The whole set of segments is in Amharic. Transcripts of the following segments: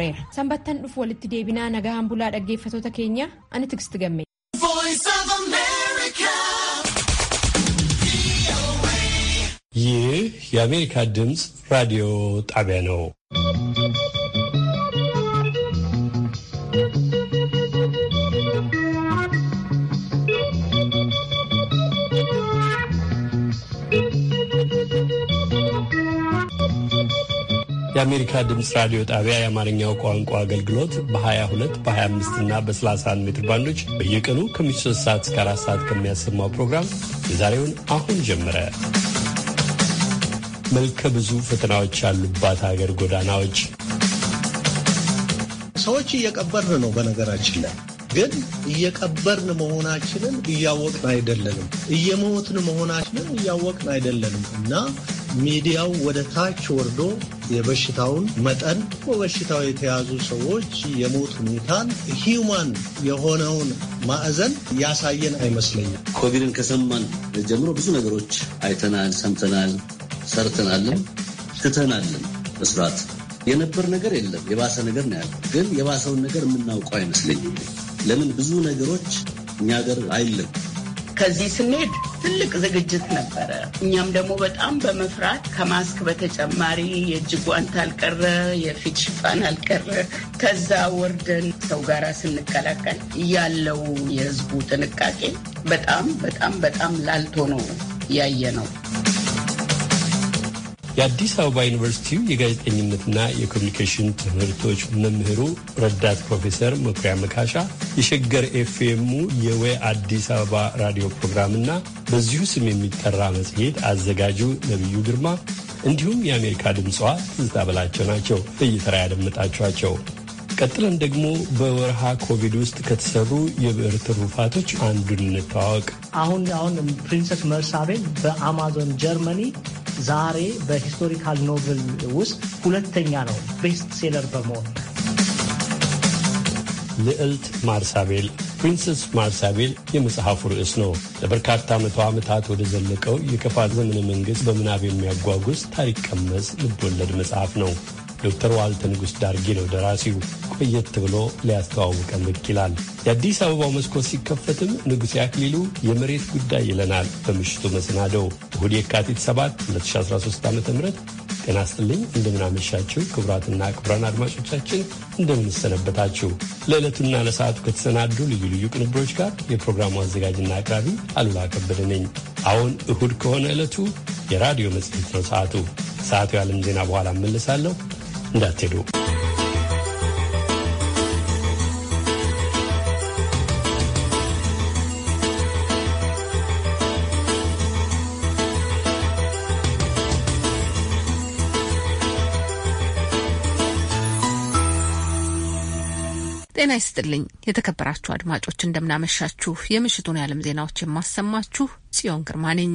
dhufeera. sanbattan dhufu walitti deebinaa nagaa hambulaa dhaggeeffatoota keenya ani tiksti gamme. ይህ የአሜሪካ ድምፅ ራዲዮ ጣቢያ ነው። የአሜሪካ ድምፅ ራዲዮ ጣቢያ የአማርኛው ቋንቋ አገልግሎት በ22 በ25 እና በ31 ሜትር ባንዶች በየቀኑ ከምሽቱ 3 ሰዓት እስከ 4 ሰዓት ከሚያሰማው ፕሮግራም የዛሬውን አሁን ጀመረ። መልከ ብዙ ፈተናዎች ያሉባት ሀገር ጎዳናዎች ሰዎች እየቀበርን ነው። በነገራችን ላይ ግን እየቀበርን መሆናችንን እያወቅን አይደለንም። እየሞትን መሆናችንን እያወቅን አይደለንም እና ሚዲያው ወደ ታች ወርዶ የበሽታውን መጠን በበሽታው የተያዙ ሰዎች የሞት ሁኔታን ሂውማን የሆነውን ማዕዘን ያሳየን አይመስለኝም። ኮቪድን ከሰማን ጀምሮ ብዙ ነገሮች አይተናል፣ ሰምተናል፣ ሰርተናልም ትተናልም መስራት የነበር ነገር የለም። የባሰ ነገር ነው ያለ፣ ግን የባሰውን ነገር የምናውቀው አይመስለኝም። ለምን ብዙ ነገሮች እኛ ሀገር አይለም ከዚህ ስንሄድ ትልቅ ዝግጅት ነበረ። እኛም ደግሞ በጣም በመፍራት ከማስክ በተጨማሪ የእጅ ጓንት አልቀረ፣ የፊት ሽፋን አልቀረ። ከዛ ወርደን ሰው ጋር ስንቀላቀል ያለው የህዝቡ ጥንቃቄ በጣም በጣም በጣም ላልቶ ነው ያየ ነው። የአዲስ አበባ ዩኒቨርሲቲው የጋዜጠኝነትና የኮሚኒኬሽን ትምህርቶች መምህሩ ረዳት ፕሮፌሰር መኩሪያ መካሻ የሸገር ኤፍኤሙ የወይ አዲስ አበባ ራዲዮ ፕሮግራምና በዚሁ ስም የሚጠራ መጽሔት አዘጋጁ ነቢዩ ግርማ እንዲሁም የአሜሪካ ድምፅዋ ትዝታ በላቸው ናቸው በየተራ ያደመጣችኋቸው። ቀጥለን ደግሞ በወርሃ ኮቪድ ውስጥ ከተሰሩ የብዕር ትሩፋቶች አንዱን እንተዋወቅ። አሁን አሁን ፕሪንሰስ መርሳቤ በአማዞን ጀርመኒ ዛሬ በሂስቶሪካል ኖቨል ውስጥ ሁለተኛ ነው ቤስት ሴለር በመሆን። ልዕልት ማርሳቤል ፕሪንሰስ ማርሳቤል የመጽሐፉ ርዕስ ነው። ለበርካታ መቶ ዓመታት ወደ ዘለቀው የከፋ ዘመነ መንግሥት በምናብ የሚያጓጉዝ ታሪክ ቀመስ ልብወለድ መጽሐፍ ነው። ዶክተር ዋልተ ንጉሥ ዳርጌ ነው ደራሲው። ቆየት ብሎ ሊያስተዋውቀን ብቅ ይላል። የአዲስ አበባው መስኮት ሲከፈትም ንጉሴ አክሊሉ የመሬት ጉዳይ ይለናል። በምሽቱ መሰናደው እሁድ የካቲት 7 2013 ዓ ም ጤና ይስጥልኝ። እንደምናመሻችሁ ክቡራትና ክቡራን አድማጮቻችን እንደምንሰነበታችሁ። ለዕለቱና ለሰዓቱ ከተሰናዱ ልዩ ልዩ ቅንብሮች ጋር የፕሮግራሙ አዘጋጅና አቅራቢ አሉላ ከበደ ነኝ። አሁን እሁድ ከሆነ ዕለቱ የራዲዮ መጽሔት ነው። ሰዓቱ ሰዓቱ የዓለም ዜና በኋላ እመልሳለሁ። እንዳትሄዱ። ጤና ይስጥልኝ የተከበራችሁ አድማጮች፣ እንደምናመሻችሁ። የምሽቱን የዓለም ዜናዎች የማሰማችሁ ጽዮን ግርማ ነኝ።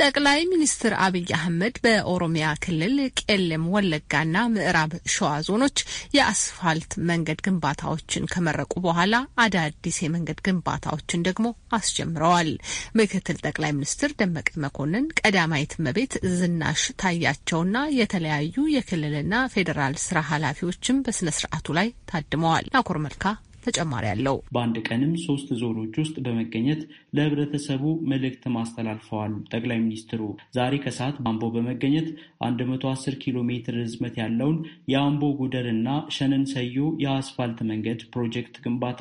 ጠቅላይ ሚኒስትር አብይ አህመድ በኦሮሚያ ክልል ቄለም ወለጋና ምዕራብ ሸዋ ዞኖች የአስፋልት መንገድ ግንባታዎችን ከመረቁ በኋላ አዳዲስ የመንገድ ግንባታዎችን ደግሞ አስጀምረዋል። ምክትል ጠቅላይ ሚኒስትር ደመቀ መኮንን፣ ቀዳማዊት እመቤት ዝናሽ ታያቸውና የተለያዩ የክልልና ፌዴራል ስራ ኃላፊዎችም በስነ ስርዓቱ ላይ ታድመዋል። ናኮር መልካ ተጨማሪ አለው። በአንድ ቀንም ሶስት ዞኖች ውስጥ በመገኘት ለህብረተሰቡ መልእክት ማስተላልፈዋል ጠቅላይ ሚኒስትሩ። ዛሬ ከሰዓት በአምቦ በመገኘት 110 ኪሎ ሜትር ርዝመት ያለውን የአምቦ ጉደር እና ሸነን ሰዮ የአስፋልት መንገድ ፕሮጀክት ግንባታ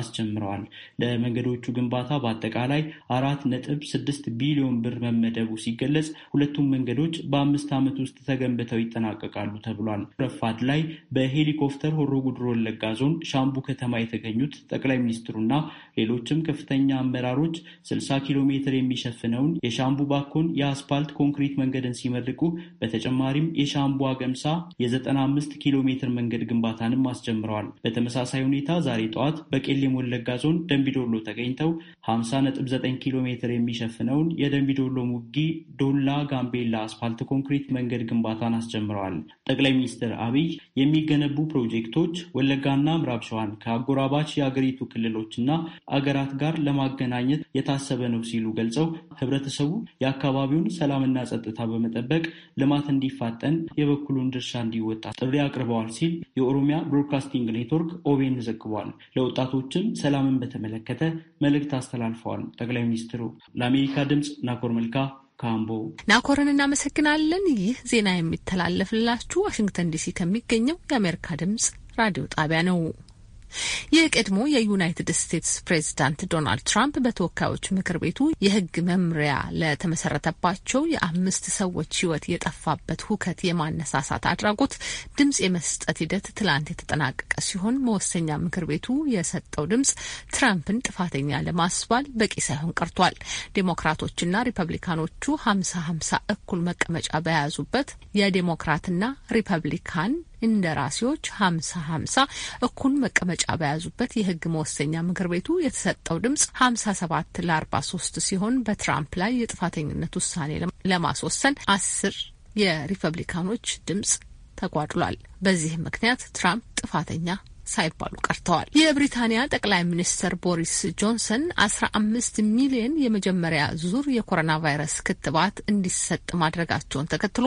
አስጀምረዋል። ለመንገዶቹ ግንባታ በአጠቃላይ አራት ነጥብ ስድስት ቢሊዮን ብር መመደቡ ሲገለጽ ሁለቱም መንገዶች በአምስት ዓመት ውስጥ ተገንብተው ይጠናቀቃሉ ተብሏል። ረፋድ ላይ በሄሊኮፕተር ሆሮ ጉድሮ ወለጋ ዞን ሻምቡ ከተማ የተገኙት ጠቅላይ ሚኒስትሩና ሌሎችም ከፍተኛ አመራሮች 60 ኪሎ ሜትር የሚሸፍነውን የሻምቡ ባኮን የአስፓልት ኮንክሪት መንገድን ሲመርቁ በተጨማሪም የሻምቡ አገምሳ የ95 ኪሎ ሜትር መንገድ ግንባታንም አስጀምረዋል። በተመሳሳይ ሁኔታ ዛሬ ጠዋት በቄሌም ወለጋ ዞን ደንቢዶሎ ተገኝተው 59 ኪሎ ሜትር የሚሸፍነውን የደንቢዶሎ ሙጊ ዶላ ጋምቤላ አስፓልት ኮንክሪት መንገድ ግንባታን አስጀምረዋል። ጠቅላይ ሚኒስትር አብይ የሚገነቡ ፕሮጀክቶች ወለጋና ምዕራብ ሸዋን ከአጎ ከአጎራባች የአገሪቱ ክልሎችና አገራት ጋር ለማገናኘት የታሰበ ነው ሲሉ ገልጸው ህብረተሰቡ የአካባቢውን ሰላምና ጸጥታ በመጠበቅ ልማት እንዲፋጠን የበኩሉን ድርሻ እንዲወጣ ጥሪ አቅርበዋል ሲል የኦሮሚያ ብሮድካስቲንግ ኔትወርክ ኦቤን ዘግቧል። ለወጣቶችም ሰላምን በተመለከተ መልእክት አስተላልፈዋል ጠቅላይ ሚኒስትሩ። ለአሜሪካ ድምፅ ናኮር መልካ ካምቦ ናኮርን እናመሰግናለን። ይህ ዜና የሚተላለፍላችሁ ዋሽንግተን ዲሲ ከሚገኘው የአሜሪካ ድምጽ ራዲዮ ጣቢያ ነው። የቀድሞ የዩናይትድ ስቴትስ ፕሬዚዳንት ዶናልድ ትራምፕ በተወካዮች ምክር ቤቱ የህግ መምሪያ ለተመሰረተባቸው የአምስት ሰዎች ህይወት የጠፋበት ሁከት የማነሳሳት አድራጎት ድምጽ የመስጠት ሂደት ትላንት የተጠናቀቀ ሲሆን መወሰኛ ምክር ቤቱ የሰጠው ድምጽ ትራምፕን ጥፋተኛ ለማስባል በቂ ሳይሆን ቀርቷል። ዴሞክራቶችና ሪፐብሊካኖቹ ሀምሳ ሀምሳ እኩል መቀመጫ በያዙበት የዴሞክራትና ሪፐብሊካን እንደራሴዎች ሀምሳ ሀምሳ እኩል መቀመጫ በያዙበት የህግ መወሰኛ ምክር ቤቱ የተሰጠው ድምጽ ሀምሳ ሰባት ለአርባ ሶስት ሲሆን በትራምፕ ላይ የጥፋተኝነት ውሳኔ ለማስወሰን አስር የሪፐብሊካኖች ድምጽ ተጓድሏል። በዚህም ምክንያት ትራምፕ ጥፋተኛ ሳይባሉ ቀርተዋል። የብሪታንያ ጠቅላይ ሚኒስትር ቦሪስ ጆንሰን አስራ አምስት ሚሊዮን የመጀመሪያ ዙር የኮሮና ቫይረስ ክትባት እንዲሰጥ ማድረጋቸውን ተከትሎ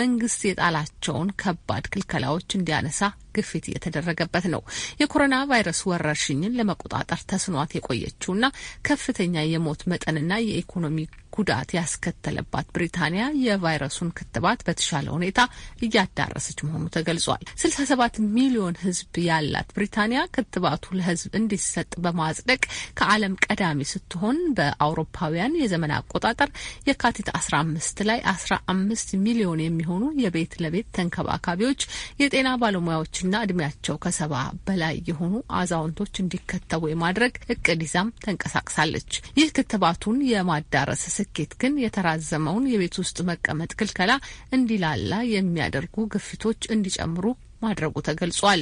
መንግስት የጣላቸውን ከባድ ክልከላዎች እንዲያነሳ ግፊት እየተደረገበት ነው። የኮሮና ቫይረስ ወረርሽኝን ለመቆጣጠር ተስኗት የቆየችውና ከፍተኛ የሞት መጠንና የኢኮኖሚ ጉዳት ያስከተለባት ብሪታንያ የቫይረሱን ክትባት በተሻለ ሁኔታ እያዳረሰች መሆኑ ተገልጿል። 67 ሚሊዮን ሕዝብ ያላት ብሪታንያ ክትባቱ ለሕዝብ እንዲሰጥ በማጽደቅ ከዓለም ቀዳሚ ስትሆን በአውሮፓውያን የዘመን አቆጣጠር የካቲት 15 ላይ 15 ሚሊዮን የሚሆኑ የቤት ለቤት ተንከባካቢዎች፣ የጤና ባለሙያዎችና እድሜያቸው ከሰባ በላይ የሆኑ አዛውንቶች እንዲከተቡ የማድረግ እቅድ ይዛም ተንቀሳቅሳለች። ይህ ክትባቱን የማዳረስ ስኬት ግን የተራዘመውን የቤት ውስጥ መቀመጥ ክልከላ እንዲላላ የሚያደርጉ ግፊቶች እንዲጨምሩ ማድረጉ ተገልጿል።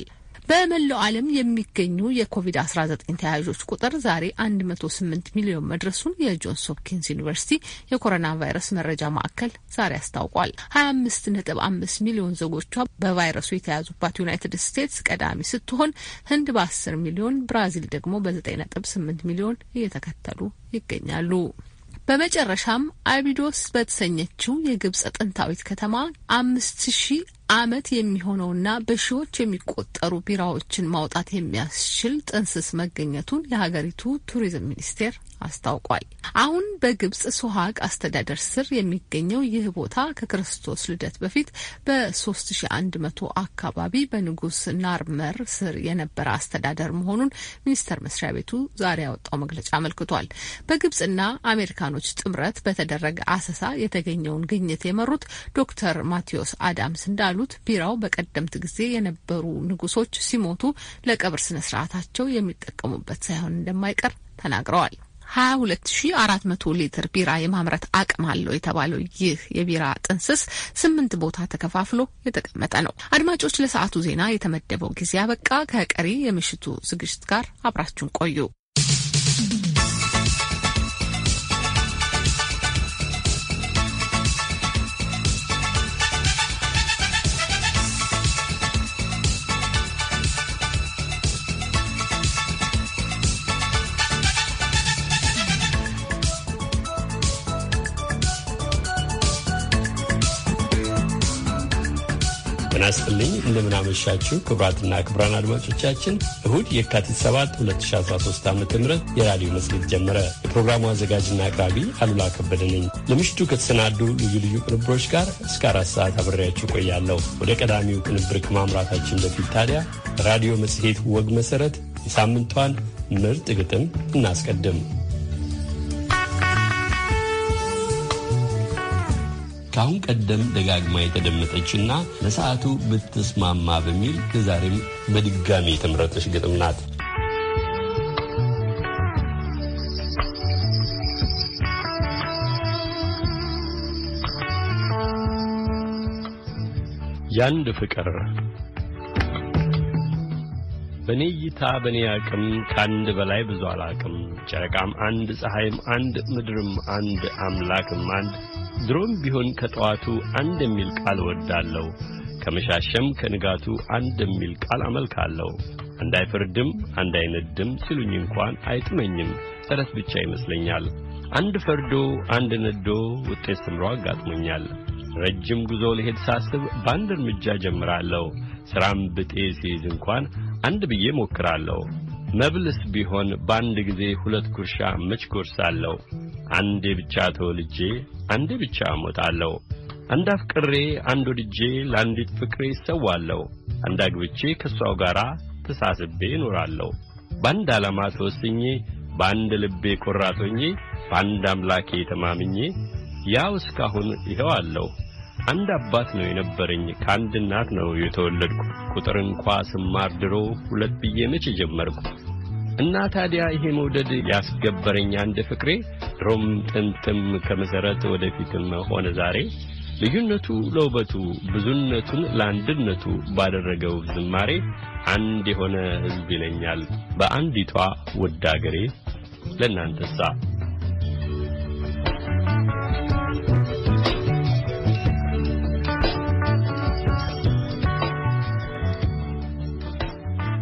በመላው ዓለም የሚገኙ የኮቪድ-19 ተያዦች ቁጥር ዛሬ 108 ሚሊዮን መድረሱን የጆንስ ሆፕኪንስ ዩኒቨርሲቲ የኮሮና ቫይረስ መረጃ ማዕከል ዛሬ አስታውቋል። 25.5 ሚሊዮን ዜጎቿ በቫይረሱ የተያዙባት ዩናይትድ ስቴትስ ቀዳሚ ስትሆን ህንድ በ10 ሚሊዮን፣ ብራዚል ደግሞ በ9.8 ሚሊዮን እየተከተሉ ይገኛሉ። በመጨረሻም አቢዶስ በተሰኘችው የግብጽ ጥንታዊት ከተማ አምስት ሺ ዓመት የሚሆነውና በሺዎች የሚቆጠሩ ቢራዎችን ማውጣት የሚያስችል ጥንስስ መገኘቱን የሀገሪቱ ቱሪዝም ሚኒስቴር አስታውቋል። አሁን በግብጽ ሶሃቅ አስተዳደር ስር የሚገኘው ይህ ቦታ ከክርስቶስ ልደት በፊት በ3100 አካባቢ በንጉስ ናርመር ስር የነበረ አስተዳደር መሆኑን ሚኒስቴር መስሪያ ቤቱ ዛሬ ያወጣው መግለጫ አመልክቷል። በግብጽና አሜሪካኖች ጥምረት በተደረገ አሰሳ የተገኘውን ግኝት የመሩት ዶክተር ማቴዎስ አዳምስ እንዳሉ እንዳሉት ቢራው በቀደምት ጊዜ የነበሩ ንጉሶች ሲሞቱ ለቀብር ስነ ስርዓታቸው የሚጠቀሙበት ሳይሆን እንደማይቀር ተናግረዋል። መቶ ሊትር ቢራ የማምረት አቅም አለው የተባለው ይህ የቢራ ጥንስስ ስምንት ቦታ ተከፋፍሎ የተቀመጠ ነው። አድማጮች፣ ለሰዓቱ ዜና የተመደበው ጊዜ አበቃ። ከቀሪ የምሽቱ ዝግጅት ጋር አብራችሁን ቆዩ። ጤና ስጥልኝ እንደምናመሻችሁ ክቡራትና ክቡራን አድማጮቻችን እሁድ የካቲት 7 2013 ዓ ም የራዲዮ መጽሔት ጀመረ። የፕሮግራሙ አዘጋጅና አቅራቢ አሉላ ከበደ ነኝ። ለምሽቱ ከተሰናዱ ልዩ ልዩ ቅንብሮች ጋር እስከ አራት ሰዓት አብሬያችሁ ቆያለሁ። ወደ ቀዳሚው ቅንብር ከማምራታችን በፊት ታዲያ ራዲዮ መጽሔት ወግ መሠረት የሳምንቷን ምርጥ ግጥም እናስቀድም። ከአሁን ቀደም ደጋግማ የተደመጠችና ለሰዓቱ ብትስማማ በሚል ከዛሬም በድጋሚ የተመረጠች ግጥም ናት። ያንድ ፍቅር በኔ እይታ በኔ አቅም ከአንድ በላይ ብዙ አላቅም ጨረቃም አንድ ፀሐይም አንድ ምድርም አንድ አምላክም አንድ ድሮም ቢሆን ከጠዋቱ አንድ የሚል ቃል እወዳለሁ፣ ከመሻሸም ከንጋቱ አንድ የሚል ቃል አመልካለሁ። እንዳይፈርድም ንድም ሲሉኝ እንኳን አይጥመኝም፣ ተረት ብቻ ይመስለኛል። አንድ ፈርዶ አንድ ነዶ ውጤት ስምሮ አጋጥሞኛል። ረጅም ጉዞ ልሄድ ሳስብ በአንድ እርምጃ ጀምራለሁ። ሥራም ብጤ ሲይዝ እንኳን አንድ ብዬ ሞክራለሁ። መብልስ ቢሆን በአንድ ጊዜ ሁለት ጉርሻ መች ጎርሳለሁ። አንዴ ብቻ ተወልጄ አንዴ ብቻ እሞታለሁ። አንድ አፍቅሬ አንድ ወድጄ ለአንዲት ፍቅሬ ይሰዋለሁ። አንድ አግብቼ ከሷው ጋር ተሳስቤ እኖራለሁ። በአንድ ዓላማ ተወስኜ፣ በአንድ ልቤ ቆራጦኜ፣ በአንድ አምላኬ ተማምኜ ያው እስካሁን ይኸው አለው። አንድ አባት ነው የነበረኝ፣ ከአንድ እናት ነው የተወለድኩ። ቁጥር እንኳ ስማር ድሮ ሁለት ብዬ መቼ ጀመርኩ። እና ታዲያ ይሄ መውደድ ያስገበረኝ አንድ ፍቅሬ ድሮም ጥንትም ከመሰረት ወደፊትም ሆነ ዛሬ ልዩነቱ ለውበቱ ብዙነቱን ለአንድነቱ ባደረገው ዝማሬ አንድ የሆነ ሕዝብ ይለኛል በአንዲቷ ውድ አገሬ ለእናንተሳ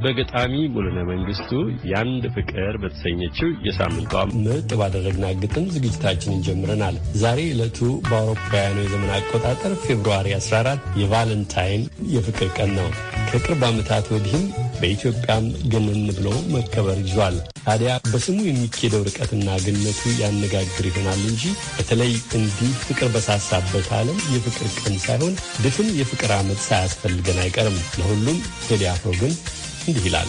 በገጣሚ ሙሉነ መንግስቱ የአንድ ፍቅር በተሰኘችው የሳምንቷ ምርጥ ባደረግና ግጥም ዝግጅታችንን ጀምረናል። ዛሬ ዕለቱ በአውሮፓውያኑ የዘመን አቆጣጠር ፌብርዋሪ 14 የቫለንታይን የፍቅር ቀን ነው። ከቅርብ ዓመታት ወዲህም በኢትዮጵያም ገነን ብሎ መከበር ይዟል። ታዲያ በስሙ የሚኬደው ርቀትና ግነቱ ያነጋግር ይሆናል እንጂ በተለይ እንዲህ ፍቅር በሳሳበት ዓለም የፍቅር ቀን ሳይሆን ድፍን የፍቅር ዓመት ሳያስፈልገን አይቀርም። ለሁሉም ቴዲ አፍሮ ግን እንዲህ ይላል።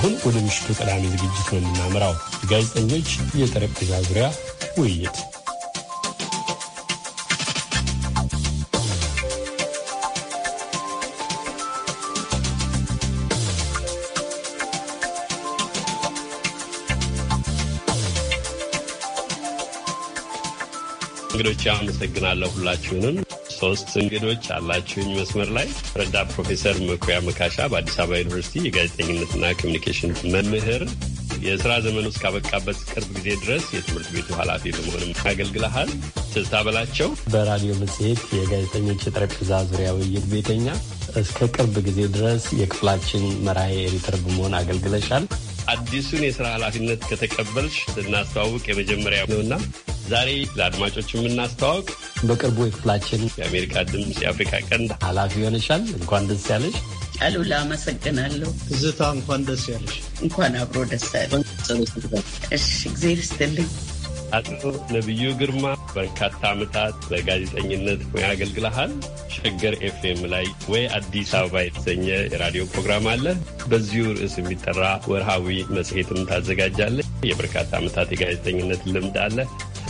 አሁን ወደ ምሽቱ ቀዳሚ ዝግጅት ነው የምናምራው፣ የጋዜጠኞች የጠረጴዛ ዙሪያ ውይይት። እንግዶች አመሰግናለሁ ሁላችሁንም። ሶስት እንግዶች አላችሁኝ መስመር ላይ ረዳት ፕሮፌሰር መኩሪያ መካሻ በአዲስ አበባ ዩኒቨርሲቲ የጋዜጠኝነትና ኮሚኒኬሽን መምህር የስራ ዘመን ውስጥ ካበቃበት ቅርብ ጊዜ ድረስ የትምህርት ቤቱ ኃላፊ በመሆንም አገልግለሃል። ትዝታ በላቸው በራዲዮ መጽሔት የጋዜጠኞች የጠረጴዛ ዙሪያ ውይይት ቤተኛ እስከ ቅርብ ጊዜ ድረስ የክፍላችን መራሄ ኤዲተር በመሆን አገልግለሻል። አዲሱን የስራ ኃላፊነት ከተቀበልሽ ልናስተዋውቅ የመጀመሪያ ነውና ዛሬ ለአድማጮች የምናስተዋውቅ በቅርቡ የክፍላችን የአሜሪካ ድምፅ የአፍሪካ ቀንድ ኃላፊ ሆነሻል። እንኳን ደስ ያለሽ አሉላ። አመሰግናለሁ ትዝታ። እንኳን ደስ ያለሽ። እንኳን አብሮ ደስ ያለሽ። እሺ፣ እግዜር ይስጥልኝ። አቶ ነቢዩ ግርማ በርካታ ዓመታት በጋዜጠኝነት ሙያ አገልግለሃል። ሸገር ኤፍኤም ላይ ወይ አዲስ አበባ የተሰኘ የራዲዮ ፕሮግራም አለ። በዚሁ ርዕስ የሚጠራ ወርሃዊ መጽሔትም ታዘጋጃለህ። የበርካታ ዓመታት የጋዜጠኝነት ልምድ አለ።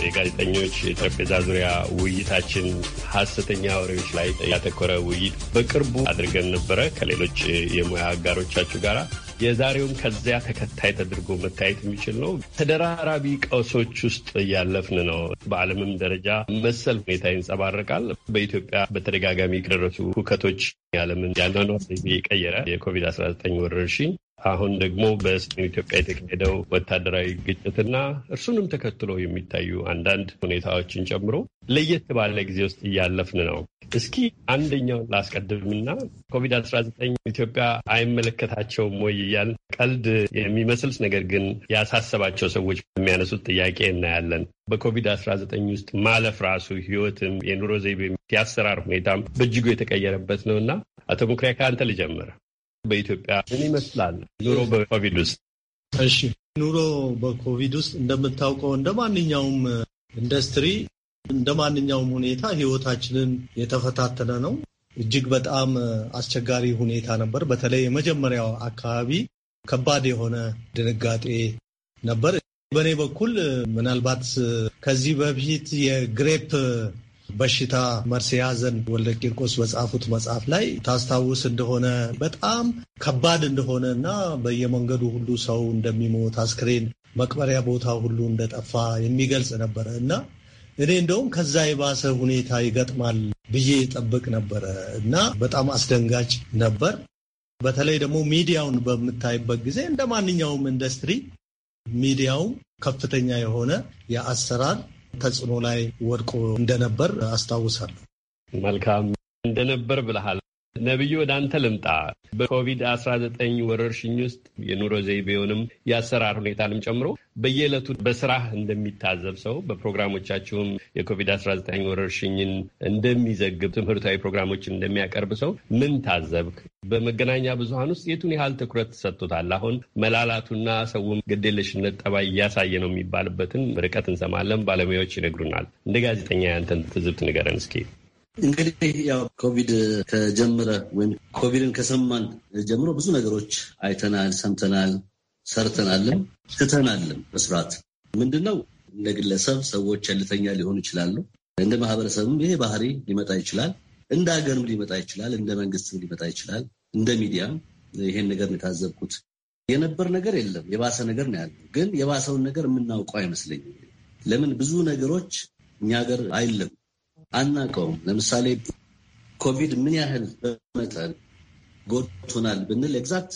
የጋዜጠኞች የጠረጴዛ ዙሪያ ውይይታችን ሀሰተኛ ወሬዎች ላይ ያተኮረ ውይይት በቅርቡ አድርገን ነበረ ከሌሎች የሙያ አጋሮቻችሁ ጋራ። የዛሬውም ከዚያ ተከታይ ተደርጎ መታየት የሚችል ነው። ተደራራቢ ቀውሶች ውስጥ እያለፍን ነው። በዓለምም ደረጃ መሰል ሁኔታ ይንጸባረቃል። በኢትዮጵያ በተደጋጋሚ ከደረሱ ሁከቶች የዓለምን ያለኗ የቀየረ የኮቪድ-19 ወረርሽኝ አሁን ደግሞ በሰሜን ኢትዮጵያ የተካሄደው ወታደራዊ ግጭትና እርሱንም ተከትሎ የሚታዩ አንዳንድ ሁኔታዎችን ጨምሮ ለየት ባለ ጊዜ ውስጥ እያለፍን ነው። እስኪ አንደኛውን ላስቀድምና ኮቪድ አስራ ዘጠኝ ኢትዮጵያ አይመለከታቸውም ወይ እያል ቀልድ የሚመስል ነገር ግን ያሳሰባቸው ሰዎች የሚያነሱት ጥያቄ እናያለን። በኮቪድ አስራ ዘጠኝ ውስጥ ማለፍ ራሱ ህይወትም የኑሮ ዘይቤ ያሰራር ሁኔታም በእጅጉ የተቀየረበት ነው እና አቶ ሙክሪያ ከአንተ ልጀምር። በኢትዮጵያ ምን ይመስላል ኑሮ በኮቪድ ውስጥ? እሺ ኑሮ በኮቪድ ውስጥ እንደምታውቀው እንደ ማንኛውም ኢንዱስትሪ እንደ ማንኛውም ሁኔታ ህይወታችንን የተፈታተነ ነው። እጅግ በጣም አስቸጋሪ ሁኔታ ነበር። በተለይ የመጀመሪያው አካባቢ ከባድ የሆነ ድንጋጤ ነበር። በእኔ በኩል ምናልባት ከዚህ በፊት የግሬፕ በሽታ መርሴ ያዘን ወልደ ቂርቆስ በጻፉት መጽሐፍ ላይ ታስታውስ እንደሆነ በጣም ከባድ እንደሆነ እና በየመንገዱ ሁሉ ሰው እንደሚሞት አስክሬን መቅበሪያ ቦታ ሁሉ እንደጠፋ የሚገልጽ ነበረ እና እኔ እንደውም ከዛ የባሰ ሁኔታ ይገጥማል ብዬ ጠብቅ ነበረ እና በጣም አስደንጋጭ ነበር። በተለይ ደግሞ ሚዲያውን በምታይበት ጊዜ እንደ ማንኛውም ኢንዱስትሪ ሚዲያውም ከፍተኛ የሆነ የአሰራር ተጽዕኖ ላይ ወድቆ እንደነበር አስታውሳለሁ። መልካም እንደነበር ብለሃል። ነቢዩ ወደ አንተ ልምጣ። በኮቪድ-19 ወረርሽኝ ውስጥ የኑሮ ዘይቤውንም የአሰራር ሁኔታንም ጨምሮ በየዕለቱ በስራህ እንደሚታዘብ ሰው በፕሮግራሞቻችሁም የኮቪድ-19 ወረርሽኝን እንደሚዘግብ ትምህርታዊ ፕሮግራሞችን እንደሚያቀርብ ሰው ምን ታዘብክ? በመገናኛ ብዙሀን ውስጥ የቱን ያህል ትኩረት ሰጥቶታል? አሁን መላላቱና ሰውም ግዴለሽነት ጠባይ እያሳየ ነው የሚባልበትን ርቀት እንሰማለን፣ ባለሙያዎች ይነግሩናል። እንደ ጋዜጠኛ ያንተን ትዝብት ንገረን እስኪ። እንግዲህ ያው ኮቪድ ከጀመረ ወይም ኮቪድን ከሰማን ጀምሮ ብዙ ነገሮች አይተናል፣ ሰምተናል፣ ሰርተናልም ትተናልም። በስርዓት ምንድነው እንደ ግለሰብ ሰዎች ቸልተኛ ሊሆኑ ይችላሉ። እንደ ማህበረሰብም ይሄ ባህሪ ሊመጣ ይችላል። እንደ ሀገርም ሊመጣ ይችላል። እንደ መንግስትም ሊመጣ ይችላል። እንደ ሚዲያም ይሄን ነገር የታዘብኩት የነበር ነገር የለም የባሰ ነገር ነው ያለው። ግን የባሰውን ነገር የምናውቀው አይመስለኝም። ለምን ብዙ ነገሮች እኛ ሀገር አይለም አናቀውም። ለምሳሌ ኮቪድ ምን ያህል በመጠን ጎድቶናል ብንል ኤግዛክት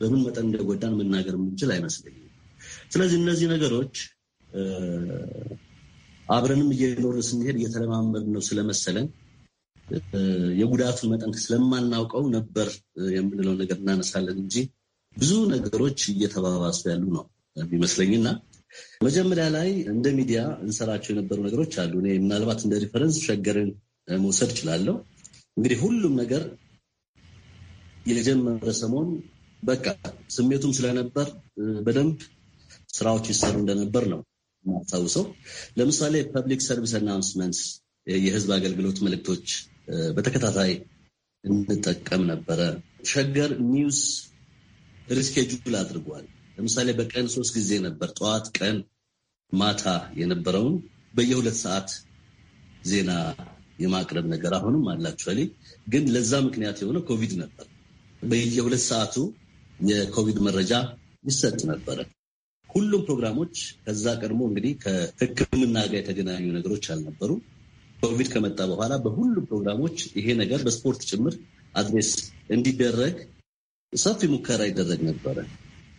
በምን መጠን እንደጎዳን መናገር የምንችል አይመስለኝም። ስለዚህ እነዚህ ነገሮች አብረንም እየኖር ስንሄድ እየተለማመድ ነው ስለመሰለን የጉዳቱን መጠን ስለማናውቀው ነበር የምንለው ነገር እናነሳለን እንጂ ብዙ ነገሮች እየተባባሱ ያሉ ነው የሚመስለኝና መጀመሪያ ላይ እንደ ሚዲያ እንሰራቸው የነበሩ ነገሮች አሉ። እኔ ምናልባት እንደ ሪፈረንስ ሸገርን መውሰድ እችላለሁ። እንግዲህ ሁሉም ነገር የጀመረ ሰሞን በቃ ስሜቱም ስለነበር በደንብ ስራዎች ይሰሩ እንደነበር ነው የማስታውሰው። ለምሳሌ ፐብሊክ ሰርቪስ አናውንስመንት የህዝብ አገልግሎት መልእክቶች በተከታታይ እንጠቀም ነበረ። ሸገር ኒውስ ሪስኬጁል አድርጓል። ለምሳሌ በቀን ሶስት ጊዜ ነበር ጠዋት፣ ቀን፣ ማታ የነበረውን በየሁለት ሰዓት ዜና የማቅረብ ነገር አሁንም አላቸው ግን ለዛ ምክንያት የሆነ ኮቪድ ነበር። በየሁለት ሰዓቱ የኮቪድ መረጃ ይሰጥ ነበረ። ሁሉም ፕሮግራሞች ከዛ ቀድሞ እንግዲህ ከሕክምና ጋር የተገናኙ ነገሮች አልነበሩ። ኮቪድ ከመጣ በኋላ በሁሉም ፕሮግራሞች ይሄ ነገር በስፖርት ጭምር አድሬስ እንዲደረግ ሰፊ ሙከራ ይደረግ ነበረ።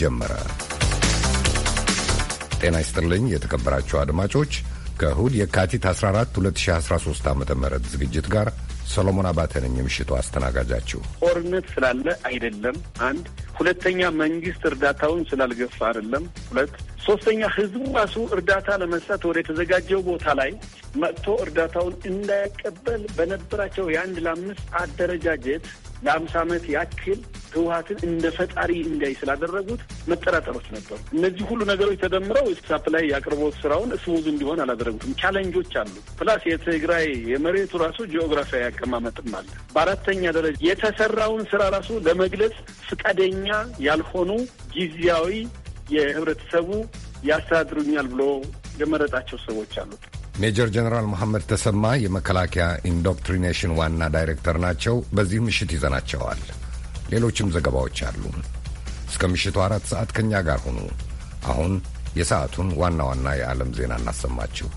ጀመረ። ጤና ይስጥልኝ የተከበራችሁ አድማጮች ከእሁድ የካቲት 14 2013 ዓ ም ዝግጅት ጋር ሰሎሞን አባተ ነኝ የምሽቱ አስተናጋጃችሁ። ጦርነት ስላለ አይደለም አንድ ሁለተኛ መንግስት እርዳታውን ስላልገፋ አይደለም ሁለት ሶስተኛ ህዝቡ ራሱ እርዳታ ለመስጠት ወደ የተዘጋጀው ቦታ ላይ መጥቶ እርዳታውን እንዳይቀበል በነበራቸው የአንድ ለአምስት አደረጃጀት ለአምሳ ዓመት ያክል ህወሀትን እንደ ፈጣሪ እንዳይ ስላደረጉት መጠራጠሮች ነበሩ። እነዚህ ሁሉ ነገሮች ተደምረው ላይ የአቅርቦት ስራውን ስሙዝ እንዲሆን አላደረጉትም። ቻለንጆች አሉ። ፕላስ የትግራይ የመሬቱ ራሱ ጂኦግራፊያዊ አቀማመጥም አለ። በአራተኛ ደረጃ የተሰራውን ስራ ራሱ ለመግለጽ ፍቃደኛ ያልሆኑ ጊዜያዊ የህብረተሰቡ ያስተዳድሩኛል ብሎ የመረጣቸው ሰዎች አሉት። ሜጀር ጀነራል መሐመድ ተሰማ የመከላከያ ኢንዶክትሪኔሽን ዋና ዳይሬክተር ናቸው። በዚህ ምሽት ይዘናቸዋል። ሌሎችም ዘገባዎች አሉ። እስከ ምሽቱ አራት ሰዓት ከእኛ ጋር ሁኑ። አሁን የሰዓቱን ዋና ዋና የዓለም ዜና እናሰማችሁ።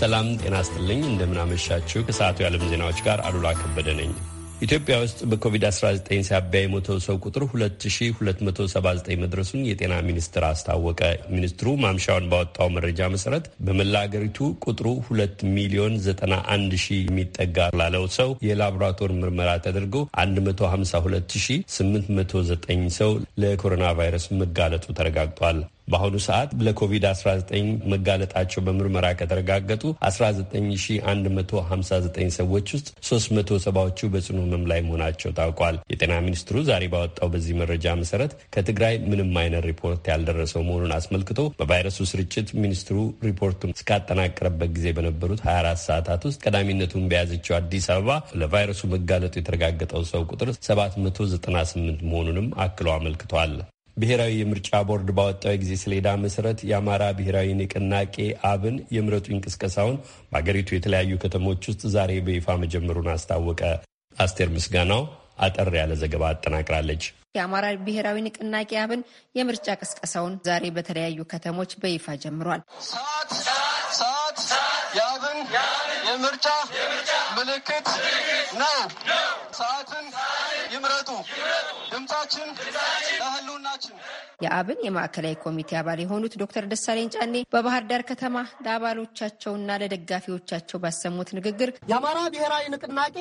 ሰላም ጤና ስጥልኝ። እንደምናመሻችሁ ከሰዓቱ የዓለም ዜናዎች ጋር አሉላ ከበደ ነኝ። ኢትዮጵያ ውስጥ በኮቪድ-19 ሳቢያ የሞተው ሰው ቁጥር 2279 መድረሱን የጤና ሚኒስቴር አስታወቀ። ሚኒስትሩ ማምሻውን ባወጣው መረጃ መሰረት በመላ አገሪቱ ቁጥሩ 2 ሚሊዮን 91 ሺህ የሚጠጋ ላለው ሰው የላቦራቶር ምርመራ ተደርጎ 152809 ሰው ለኮሮና ቫይረስ መጋለጡ ተረጋግጧል። በአሁኑ ሰዓት ለኮቪድ-19 መጋለጣቸው በምርመራ ከተረጋገጡ 19159 ሰዎች ውስጥ 370ዎቹ በጽኑ ህመም ላይ መሆናቸው ታውቋል። የጤና ሚኒስትሩ ዛሬ ባወጣው በዚህ መረጃ መሰረት ከትግራይ ምንም አይነት ሪፖርት ያልደረሰው መሆኑን አስመልክቶ በቫይረሱ ስርጭት ሚኒስትሩ ሪፖርቱን እስካጠናቀረበት ጊዜ በነበሩት 24 ሰዓታት ውስጥ ቀዳሚነቱን በያዘችው አዲስ አበባ ለቫይረሱ መጋለጡ የተረጋገጠው ሰው ቁጥር 798 መሆኑንም አክሎ አመልክቷል። ብሔራዊ የምርጫ ቦርድ ባወጣው የጊዜ ሰሌዳ መሰረት የአማራ ብሔራዊ ንቅናቄ አብን የምረጡኝ ቅስቀሳውን በአገሪቱ የተለያዩ ከተሞች ውስጥ ዛሬ በይፋ መጀመሩን አስታወቀ። አስቴር ምስጋናው አጠር ያለ ዘገባ አጠናቅራለች። የአማራ ብሔራዊ ንቅናቄ አብን የምርጫ ቅስቀሳውን ዛሬ በተለያዩ ከተሞች በይፋ ጀምሯል። ሰዓት የአብን የምርጫ ምልክት ነው። ሰዓትን ምረጡ፣ ድምጻችን ለህልውናችን። የአብን የማዕከላዊ ኮሚቴ አባል የሆኑት ዶክተር ደሳለኝ ጫኔ በባህር ዳር ከተማ ለአባሎቻቸውና ለደጋፊዎቻቸው ባሰሙት ንግግር የአማራ ብሔራዊ ንቅናቄ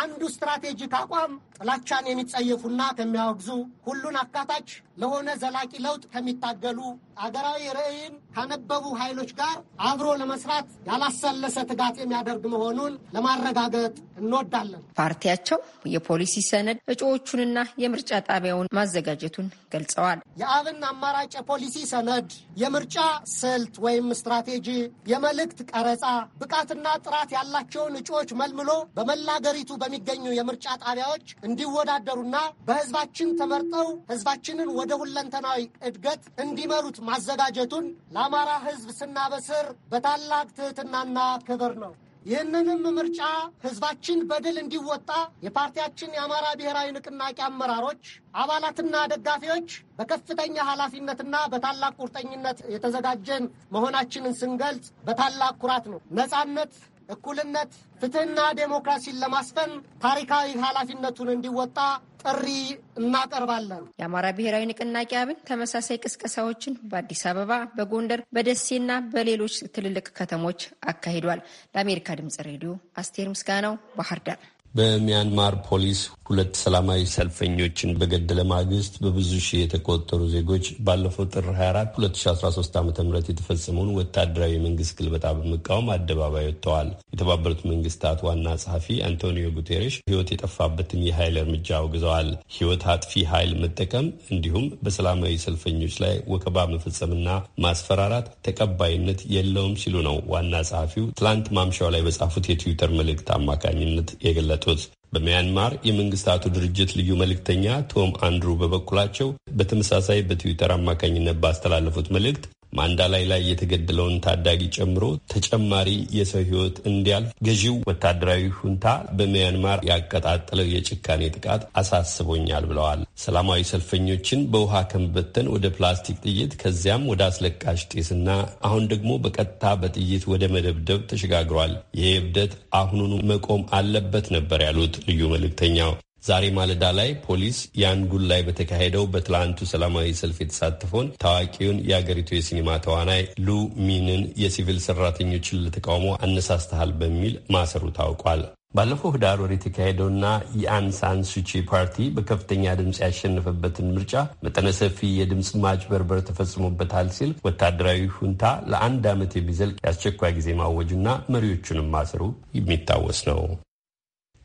አንዱ ስትራቴጂክ አቋም ጥላቻን የሚጸየፉና ከሚያወግዙ ሁሉን አካታች ለሆነ ዘላቂ ለውጥ ከሚታገሉ አገራዊ ርዕይን ከነበቡ ኃይሎች ጋር አብሮ ለመስራት ያላሰለሰ ትጋት የሚያደርግ መሆኑን ለማረጋገጥ እንወዳለን። ፓርቲያቸው የፖሊሲ ሰነድ እጩዎቹንና የምርጫ ጣቢያውን ማዘጋጀቱን ገልጸዋል። የአብን አማራጭ የፖሊሲ ሰነድ የምርጫ ስልት ወይም ስትራቴጂ፣ የመልእክት ቀረጻ፣ ብቃትና ጥራት ያላቸውን እጩዎች መልምሎ በመላ አገሪቱ በሚገኙ የምርጫ ጣቢያዎች እንዲወዳደሩና በህዝባችን ተመርጠው ህዝባችንን ወደ ሁለንተናዊ እድገት እንዲመሩት ማዘጋጀቱን ለአማራ ሕዝብ ስናበስር በታላቅ ትህትናና ክብር ነው። ይህንንም ምርጫ ሕዝባችን በድል እንዲወጣ የፓርቲያችን የአማራ ብሔራዊ ንቅናቄ አመራሮች፣ አባላትና ደጋፊዎች በከፍተኛ ኃላፊነትና በታላቅ ቁርጠኝነት የተዘጋጀን መሆናችንን ስንገልጽ በታላቅ ኩራት ነው። ነጻነት እኩልነት፣ ፍትህና ዴሞክራሲን ለማስፈን ታሪካዊ ኃላፊነቱን እንዲወጣ ጥሪ እናቀርባለን። የአማራ ብሔራዊ ንቅናቄ አብን ተመሳሳይ ቅስቀሳዎችን በአዲስ አበባ፣ በጎንደር፣ በደሴና በሌሎች ትልልቅ ከተሞች አካሂዷል። ለአሜሪካ ድምጽ ሬዲዮ አስቴር ምስጋናው ባህር ዳር። በሚያንማር ፖሊስ ሁለት ሰላማዊ ሰልፈኞችን በገደለ ማግስት በብዙ ሺህ የተቆጠሩ ዜጎች ባለፈው ጥር 24 2013 ዓ ም የተፈጸመውን ወታደራዊ የመንግስት ግልበጣ በመቃወም አደባባይ ወጥተዋል። የተባበሩት መንግስታት ዋና ጸሐፊ አንቶኒዮ ጉቴሬሽ ሕይወት የጠፋበትን የኃይል እርምጃ አውግዘዋል። ህይወት አጥፊ ኃይል መጠቀም እንዲሁም በሰላማዊ ሰልፈኞች ላይ ወከባ መፈጸምና ማስፈራራት ተቀባይነት የለውም ሲሉ ነው ዋና ጸሐፊው ትላንት ማምሻው ላይ በጻፉት የትዊተር መልእክት አማካኝነት የገለ ያመለከቱት። በሚያንማር የመንግስታቱ ድርጅት ልዩ መልእክተኛ ቶም አንድሩ በበኩላቸው በተመሳሳይ በትዊተር አማካኝነት ባስተላለፉት መልእክት ማንዳላይ ላይ የተገደለውን ታዳጊ ጨምሮ ተጨማሪ የሰው ሕይወት እንዲያልፍ ገዢው ወታደራዊ ሁንታ በሚያንማር ያቀጣጠለው የጭካኔ ጥቃት አሳስቦኛል ብለዋል። ሰላማዊ ሰልፈኞችን በውሃ ከመበተን ወደ ፕላስቲክ ጥይት፣ ከዚያም ወደ አስለቃሽ ጤስና አሁን ደግሞ በቀጥታ በጥይት ወደ መደብደብ ተሸጋግሯል። ይህ እብደት አሁኑኑ መቆም አለበት ነበር ያሉት ልዩ መልእክተኛው ዛሬ ማለዳ ላይ ፖሊስ ያንጉን ላይ በተካሄደው በትላንቱ ሰላማዊ ሰልፍ የተሳተፈውን ታዋቂውን የአገሪቱ የሲኒማ ተዋናይ ሉ ሚንን የሲቪል ሰራተኞችን ለተቃውሞ አነሳስተሃል በሚል ማሰሩ ታውቋል። ባለፈው ህዳር ወር የተካሄደውና የአንሳን ሱቺ ፓርቲ በከፍተኛ ድምፅ ያሸነፈበትን ምርጫ መጠነ ሰፊ የድምፅ ማጭበርበር ተፈጽሞበታል ሲል ወታደራዊ ሁንታ ለአንድ ዓመት የሚዘልቅ የአስቸኳይ ጊዜ ማወጁና መሪዎቹንም ማሰሩ የሚታወስ ነው።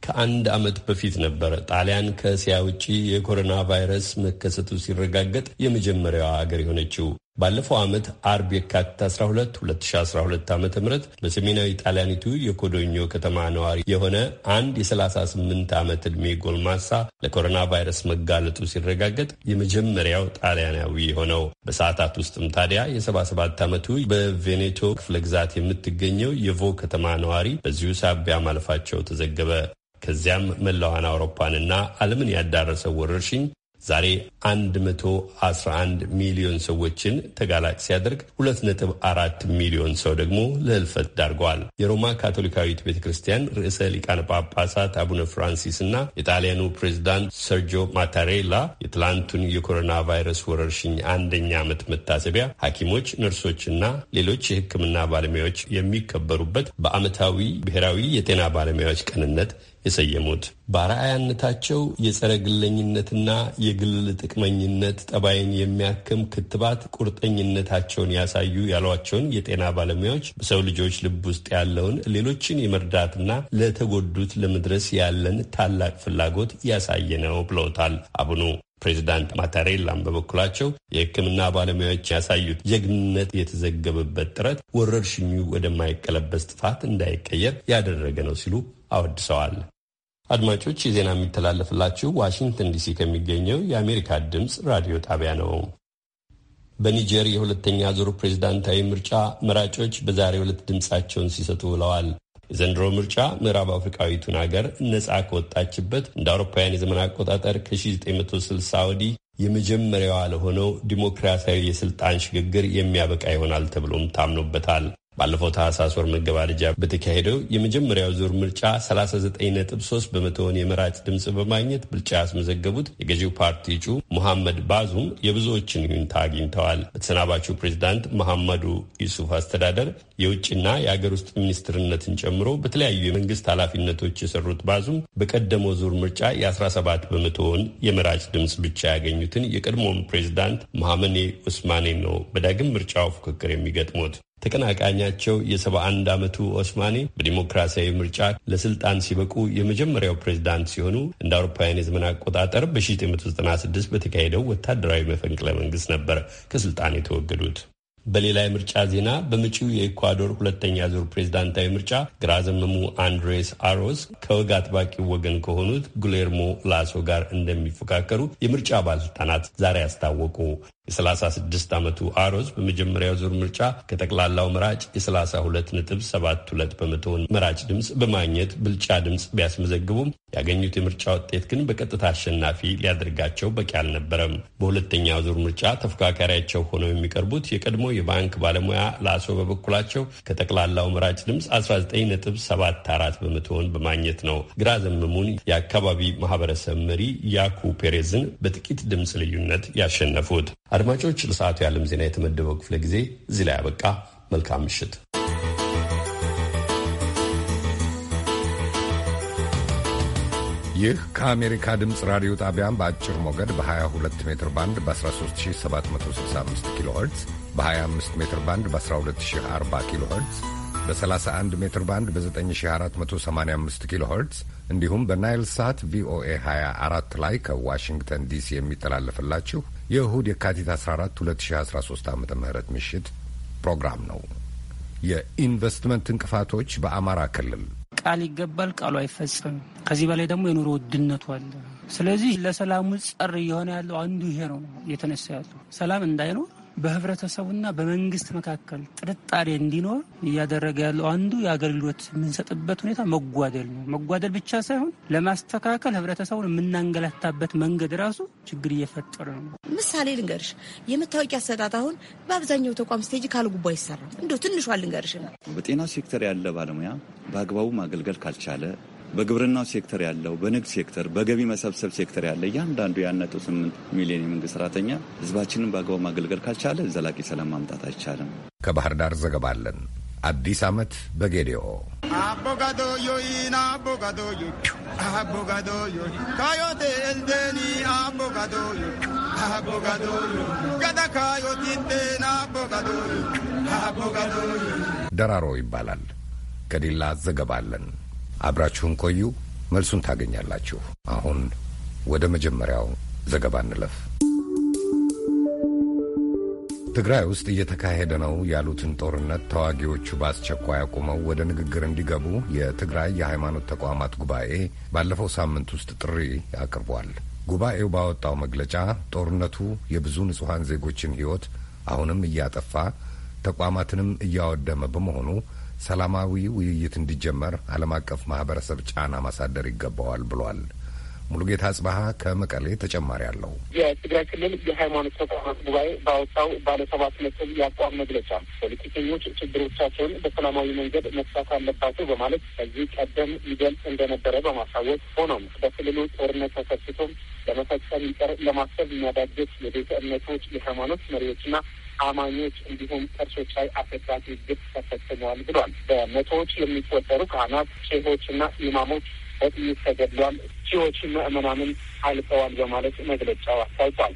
ከአንድ ዓመት በፊት ነበር ጣሊያን ከእስያ ውጪ የኮሮና ቫይረስ መከሰቱ ሲረጋገጥ የመጀመሪያዋ አገር የሆነችው። ባለፈው ዓመት አርብ የካቲት 12 2012 ዓ ም በሰሜናዊ ጣሊያኒቱ የኮዶኞ ከተማ ነዋሪ የሆነ አንድ የ38 ዓመት ዕድሜ ጎልማሳ ለኮሮና ቫይረስ መጋለጡ ሲረጋገጥ የመጀመሪያው ጣሊያናዊ የሆነው በሰዓታት ውስጥም ታዲያ የ77 ዓመቱ በቬኔቶ ክፍለ ግዛት የምትገኘው የቮ ከተማ ነዋሪ በዚሁ ሳቢያ ማለፋቸው ተዘገበ። ከዚያም መላዋን አውሮፓንና ዓለምን ያዳረሰው ወረርሽኝ ዛሬ 111 ሚሊዮን ሰዎችን ተጋላጭ ሲያደርግ 2.4 ሚሊዮን ሰው ደግሞ ለህልፈት ዳርገዋል። የሮማ ካቶሊካዊት ቤተ ክርስቲያን ርዕሰ ሊቃነ ጳጳሳት አቡነ ፍራንሲስ እና የጣሊያኑ ፕሬዚዳንት ሰርጆ ማታሬላ የትላንቱን የኮሮና ቫይረስ ወረርሽኝ አንደኛ ዓመት መታሰቢያ ሐኪሞች፣ ነርሶችና ሌሎች የሕክምና ባለሙያዎች የሚከበሩበት በዓመታዊ ብሔራዊ የጤና ባለሙያዎች ቀንነት የሰየሙት። በአርአያነታቸው የጸረ ግለኝነትና የግል ጥቅመኝነት ጠባይን የሚያክም ክትባት ቁርጠኝነታቸውን ያሳዩ ያሏቸውን የጤና ባለሙያዎች በሰው ልጆች ልብ ውስጥ ያለውን ሌሎችን የመርዳትና ለተጎዱት ለመድረስ ያለን ታላቅ ፍላጎት ያሳየ ነው ብለውታል አቡኑ። ፕሬዚዳንት ማታሬላም በበኩላቸው የሕክምና ባለሙያዎች ያሳዩት ጀግንነት የተዘገበበት ጥረት ወረርሽኙ ወደማይቀለበስ ጥፋት እንዳይቀየር ያደረገ ነው ሲሉ አወድሰዋል። አድማጮች የዜና የሚተላለፍላችሁ ዋሽንግተን ዲሲ ከሚገኘው የአሜሪካ ድምፅ ራዲዮ ጣቢያ ነው። በኒጀር የሁለተኛ ዙር ፕሬዝዳንታዊ ምርጫ መራጮች በዛሬው ዕለት ድምፃቸውን ሲሰጡ ውለዋል። የዘንድሮ ምርጫ ምዕራብ አፍሪካዊቱን ሀገር ነፃ ከወጣችበት እንደ አውሮፓውያን የዘመን አቆጣጠር ከ1960 ወዲህ የመጀመሪያዋ ለሆነው ዲሞክራሲያዊ የስልጣን ሽግግር የሚያበቃ ይሆናል ተብሎም ታምኖበታል። ባለፈው ታህሳስ ወር መገባደጃ በተካሄደው የመጀመሪያው ዙር ምርጫ 39.3 በመቶውን የመራጭ ድምፅ በማግኘት ብልጫ ያስመዘገቡት የገዢው ፓርቲ እጩ ሙሐመድ ባዙም የብዙዎችን ይሁንታ አግኝተዋል። በተሰናባቹ ፕሬዚዳንት መሐመዱ ዩሱፍ አስተዳደር የውጭና የአገር ውስጥ ሚኒስትርነትን ጨምሮ በተለያዩ የመንግስት ኃላፊነቶች የሰሩት ባዙም በቀደመው ዙር ምርጫ የ17 በመቶውን የመራጭ ድምፅ ብቻ ያገኙትን የቀድሞውን ፕሬዚዳንት መሐመኔ ኡስማኔ ነው በዳግም ምርጫው ፉክክር የሚገጥሙት። ተቀናቃኛቸው የ71 ዓመቱ ኦስማኒ በዲሞክራሲያዊ ምርጫ ለስልጣን ሲበቁ የመጀመሪያው ፕሬዝዳንት ሲሆኑ እንደ አውሮፓውያን የዘመን አቆጣጠር በ1996 በተካሄደው ወታደራዊ መፈንቅለ መንግስት ነበር ከስልጣን የተወገዱት። በሌላ የምርጫ ዜና በመጪው የኢኳዶር ሁለተኛ ዙር ፕሬዝዳንታዊ ምርጫ ግራ ዘመሙ አንድሬስ አሮስ ከወግ አጥባቂው ወገን ከሆኑት ጉሌርሞ ላሶ ጋር እንደሚፎካከሩ የምርጫ ባለስልጣናት ዛሬ አስታወቁ። የ36 ዓመቱ አሮዝ በመጀመሪያው ዙር ምርጫ ከጠቅላላው መራጭ የ32.72 በመቶውን መራጭ ድምፅ በማግኘት ብልጫ ድምፅ ቢያስመዘግቡም ያገኙት የምርጫ ውጤት ግን በቀጥታ አሸናፊ ሊያደርጋቸው በቂ አልነበረም። በሁለተኛው ዙር ምርጫ ተፎካካሪያቸው ሆነው የሚቀርቡት የቀድሞ የባንክ ባለሙያ ላሶ በበኩላቸው ከጠቅላላው መራጭ ድምፅ 19.74 በመቶውን በማግኘት ነው ግራ ዘመሙን የአካባቢ ማህበረሰብ መሪ ያኩ ፔሬዝን በጥቂት ድምፅ ልዩነት ያሸነፉት። አድማጮች፣ ለሰዓቱ የዓለም ዜና የተመደበው ክፍለ ጊዜ እዚህ ላይ አበቃ። መልካም ምሽት። ይህ ከአሜሪካ ድምፅ ራዲዮ ጣቢያ በአጭር ሞገድ በ22 ሜትር ባንድ በ13765 ኪሎ ኸርትዝ በ25 ሜትር ባንድ በ1240 ኪሎ ኸርትዝ በ31 ሜትር ባንድ በ9485 ኪሎ ኸርትዝ እንዲሁም በናይል ሳት ቪኦኤ 24 ላይ ከዋሽንግተን ዲሲ የሚተላለፍላችሁ የእሁድ የካቲት 14 2013 ዓ ም ምሽት ፕሮግራም ነው። የኢንቨስትመንት እንቅፋቶች በአማራ ክልል ቃል ይገባል፣ ቃሉ አይፈጸምም። ከዚህ በላይ ደግሞ የኑሮ ውድነቱ አለ። ስለዚህ ለሰላሙ ጸር እየሆነ ያለው አንዱ ይሄ ነው እየተነሳ ያለው ሰላም እንዳይኖር በህብረተሰቡና በመንግስት መካከል ጥርጣሬ እንዲኖር እያደረገ ያለው አንዱ የአገልግሎት የምንሰጥበት ሁኔታ መጓደል ነው። መጓደል ብቻ ሳይሆን ለማስተካከል ህብረተሰቡን የምናንገላታበት መንገድ ራሱ ችግር እየፈጠረ ነው። ምሳሌ ልንገርሽ፣ የመታወቂያ አሰጣጥ አሁን በአብዛኛው ተቋም ስቴጅ ካልጉባ አይሰራም። እንደ ትንሿ ልንገርሽ ነው ሴክተር ያለ ባለሙያ በአግባቡ ማገልገል ካልቻለ በግብርናው ሴክተር ያለው፣ በንግድ ሴክተር፣ በገቢ መሰብሰብ ሴክተር ያለ እያንዳንዱ ያነጡ ስምንት ሚሊዮን የመንግስት ሰራተኛ ህዝባችንን በአግባቡ ማገልገል ካልቻለ ዘላቂ ሰላም ማምጣት አይቻልም። ከባህር ዳር ዘገባ አለን። አዲስ ዓመት በጌዲኦ ደራሮ ይባላል። ከዲላ ዘገባለን። አብራችሁን ቆዩ፣ መልሱን ታገኛላችሁ። አሁን ወደ መጀመሪያው ዘገባ እንለፍ። ትግራይ ውስጥ እየተካሄደ ነው ያሉትን ጦርነት ተዋጊዎቹ በአስቸኳይ አቁመው ወደ ንግግር እንዲገቡ የትግራይ የሃይማኖት ተቋማት ጉባኤ ባለፈው ሳምንት ውስጥ ጥሪ አቅርቧል። ጉባኤው ባወጣው መግለጫ ጦርነቱ የብዙ ንጹሐን ዜጎችን ሕይወት አሁንም እያጠፋ ተቋማትንም እያወደመ በመሆኑ ሰላማዊ ውይይት እንዲጀመር ዓለም አቀፍ ማህበረሰብ ጫና ማሳደር ይገባዋል ብሏል። ሙሉጌታ አጽባሀ ከመቀሌ ተጨማሪ አለው። የትግራይ ክልል የሃይማኖት ተቋማት ጉባኤ ባወጣው ባለሰባት ሰባት ነጥብ የአቋም መግለጫ ፖለቲከኞች ችግሮቻቸውን በሰላማዊ መንገድ መፍታት አለባቸው በማለት ከዚህ ቀደም ይገልጽ እንደነበረ በማሳወቅ ሆኖም በክልሉ ጦርነት ተከስቶም ለመፈጸም ይቀር ለማሰብ የሚያዳግት የቤተ እምነቶች የሃይማኖት መሪዎችና አማኞች እንዲሁም ቅርሶች ላይ አሰቃቂ ግፍ ተፈጽመዋል ብሏል። በመቶዎች የሚቆጠሩ ካህናት፣ ሼሆችና ኢማሞች በጥይት ተገድሏል፣ ሺዎች ምዕመናንም አልቀዋል በማለት መግለጫው አስታውቋል።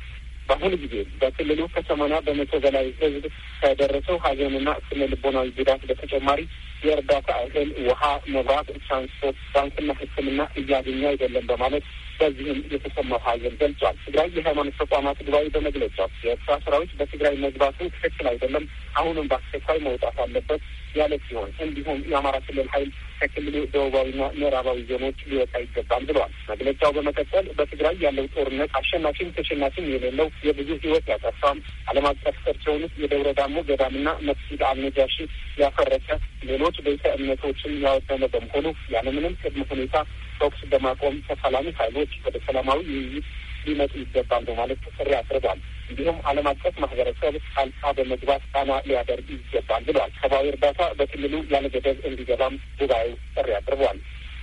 በአሁኑ ጊዜ በክልሉ ከሰማንያ በመቶ በላይ ህዝብ ከደረሰው ሀዘንና ስነ ልቦናዊ ጉዳት በተጨማሪ የእርዳታ እህል፣ ውሃ፣ መብራት፣ ትራንስፖርት፣ ባንክና ሕክምና እያገኘ አይደለም በማለት በዚህም የተሰማው ሀዘን ገልጿል። ትግራይ የሃይማኖት ተቋማት ጉባኤ በመግለጫው የኤርትራ ሰራዊት በትግራይ መግባቱ ትክክል አይደለም፣ አሁንም በአስቸኳይ መውጣት አለበት ያለ ሲሆን እንዲሁም የአማራ ክልል ኃይል ከክልሉ ደቡባዊና ምዕራባዊ ዞኖች ሊወጣ ይገባም ብለዋል። መግለጫው በመቀጠል በትግራይ ያለው ጦርነት አሸናፊም ተሸናፊም የሌለው የብዙ ህይወት ያጠፋም ዓለም አቀፍ ቸርቸውንስ የደብረ ዳሞ ገዳምና መስጊድ አልነጃሺ ያፈረሰ ሌሎች ቤተ እምነቶችን ያወደመ በመሆኑ ያለምንም ቅድመ ሁኔታ ተኩስ በማቆም ተፋላሚ ኃይሎች ወደ ሰላማዊ ውይይት ሊመጡ ይገባል በማለት ጥሪ አቅርቧል። እንዲሁም ዓለም አቀፍ ማህበረሰብ ጣልቃ በመግባት ጫና ሊያደርግ ይገባል ብሏል። ሰብአዊ እርዳታ በክልሉ ያለገደብ እንዲገባም ጉባኤው ጥሪ አቅርቧል።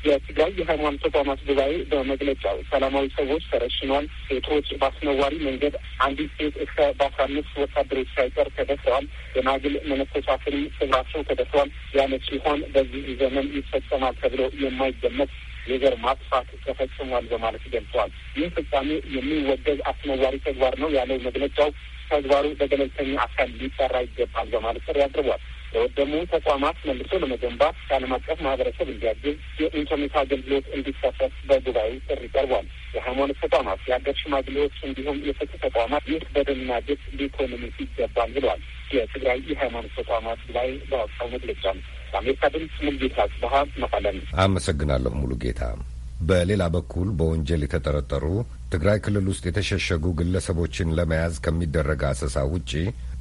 የትግራይ የሃይማኖት ተቋማት ጉባኤ በመግለጫው ሰላማዊ ሰዎች ተረሽኗል፣ ሴቶች በአስነዋሪ መንገድ አንዲት ሴት እስከ በአስራ አምስት ወታደሮች ሳይቀር ተደፍረዋል፣ ደናግል መነኮሳትን ስብራቸው ተደፍረዋል ያለ ሲሆን በዚህ ዘመን ይፈጸማል ተብሎ የማይገመት የዘር ማጥፋት ተፈጽሟል በማለት ገልጸዋል። ይህ ፍጻሜ የሚወገዝ አስነዋሪ ተግባር ነው ያለው መግለጫው ተግባሩ በገለልተኛ አካል ሊጠራ ይገባል በማለት ጥሪ አቅርቧል። የወደሙ ተቋማት መልሶ ለመገንባት ከዓለም አቀፍ ማህበረሰብ እንዲያግዝ የኢንተርኔት አገልግሎት እንዲከፈት በጉባኤው ጥሪ ቀርቧል። የሃይማኖት ተቋማት፣ የአገር ሽማግሌዎች እንዲሁም የፍትህ ተቋማት ይህ በደንና ግፍ ሊኮንኑት ይገባል ብለዋል። የትግራይ የሃይማኖት ተቋማት ጉባኤ ባወጣው መግለጫ ነው። ለአሜሪካ ድምፅ ሙሉጌታ ጽበሀ አመሰግናለሁ። ሙሉጌታ፣ በሌላ በኩል በወንጀል የተጠረጠሩ ትግራይ ክልል ውስጥ የተሸሸጉ ግለሰቦችን ለመያዝ ከሚደረግ አሰሳ ውጪ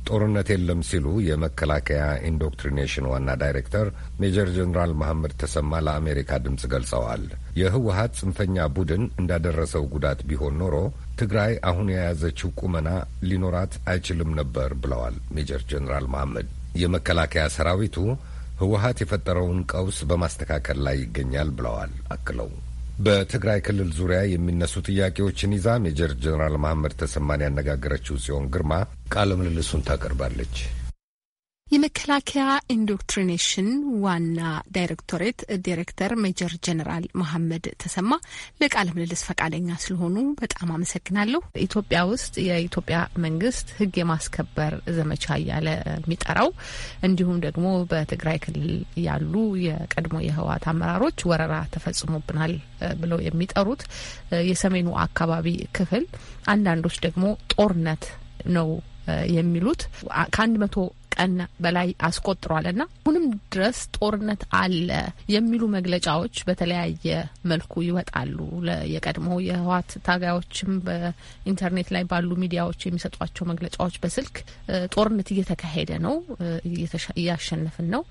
ጦርነት የለም ሲሉ የመከላከያ ኢንዶክትሪኔሽን ዋና ዳይሬክተር ሜጀር ጀኔራል መሐመድ ተሰማ ለአሜሪካ ድምፅ ገልጸዋል። የህወሀት ጽንፈኛ ቡድን እንዳደረሰው ጉዳት ቢሆን ኖሮ ትግራይ አሁን የያዘችው ቁመና ሊኖራት አይችልም ነበር ብለዋል ሜጀር ጀኔራል መሐመድ። የመከላከያ ሰራዊቱ ህወሀት የፈጠረውን ቀውስ በማስተካከል ላይ ይገኛል ብለዋል። አክለው በትግራይ ክልል ዙሪያ የሚነሱ ጥያቄዎችን ይዛ ሜጀር ጀኔራል መሐመድ ተሰማን ያነጋገረችው ጽዮን ግርማ ቃለ ምልልሱን ታቀርባለች። የመከላከያ ኢንዶክትሪኔሽን ዋና ዳይሬክቶሬት ዲሬክተር ሜጀር ጀነራል መሐመድ ተሰማ ለቃለ ምልልስ ፈቃደኛ ስለሆኑ በጣም አመሰግናለሁ። ኢትዮጵያ ውስጥ የኢትዮጵያ መንግስት ህግ የማስከበር ዘመቻ እያለ የሚጠራው እንዲሁም ደግሞ በትግራይ ክልል ያሉ የቀድሞ የህወሓት አመራሮች ወረራ ተፈጽሞብናል ብለው የሚጠሩት የሰሜኑ አካባቢ ክፍል አንዳንዶች ደግሞ ጦርነት ነው የሚሉት ከአንድ መቶ ቀን በላይ አስቆጥሯል እና አሁንም ድረስ ጦርነት አለ የሚሉ መግለጫዎች በተለያየ መልኩ ይወጣሉ። የቀድሞ የህወሓት ታጋዮችም በኢንተርኔት ላይ ባሉ ሚዲያዎች የሚሰጧቸው መግለጫዎች በስልክ ጦርነት እየተካሄደ ነው፣ እያሸነፍን ነው፣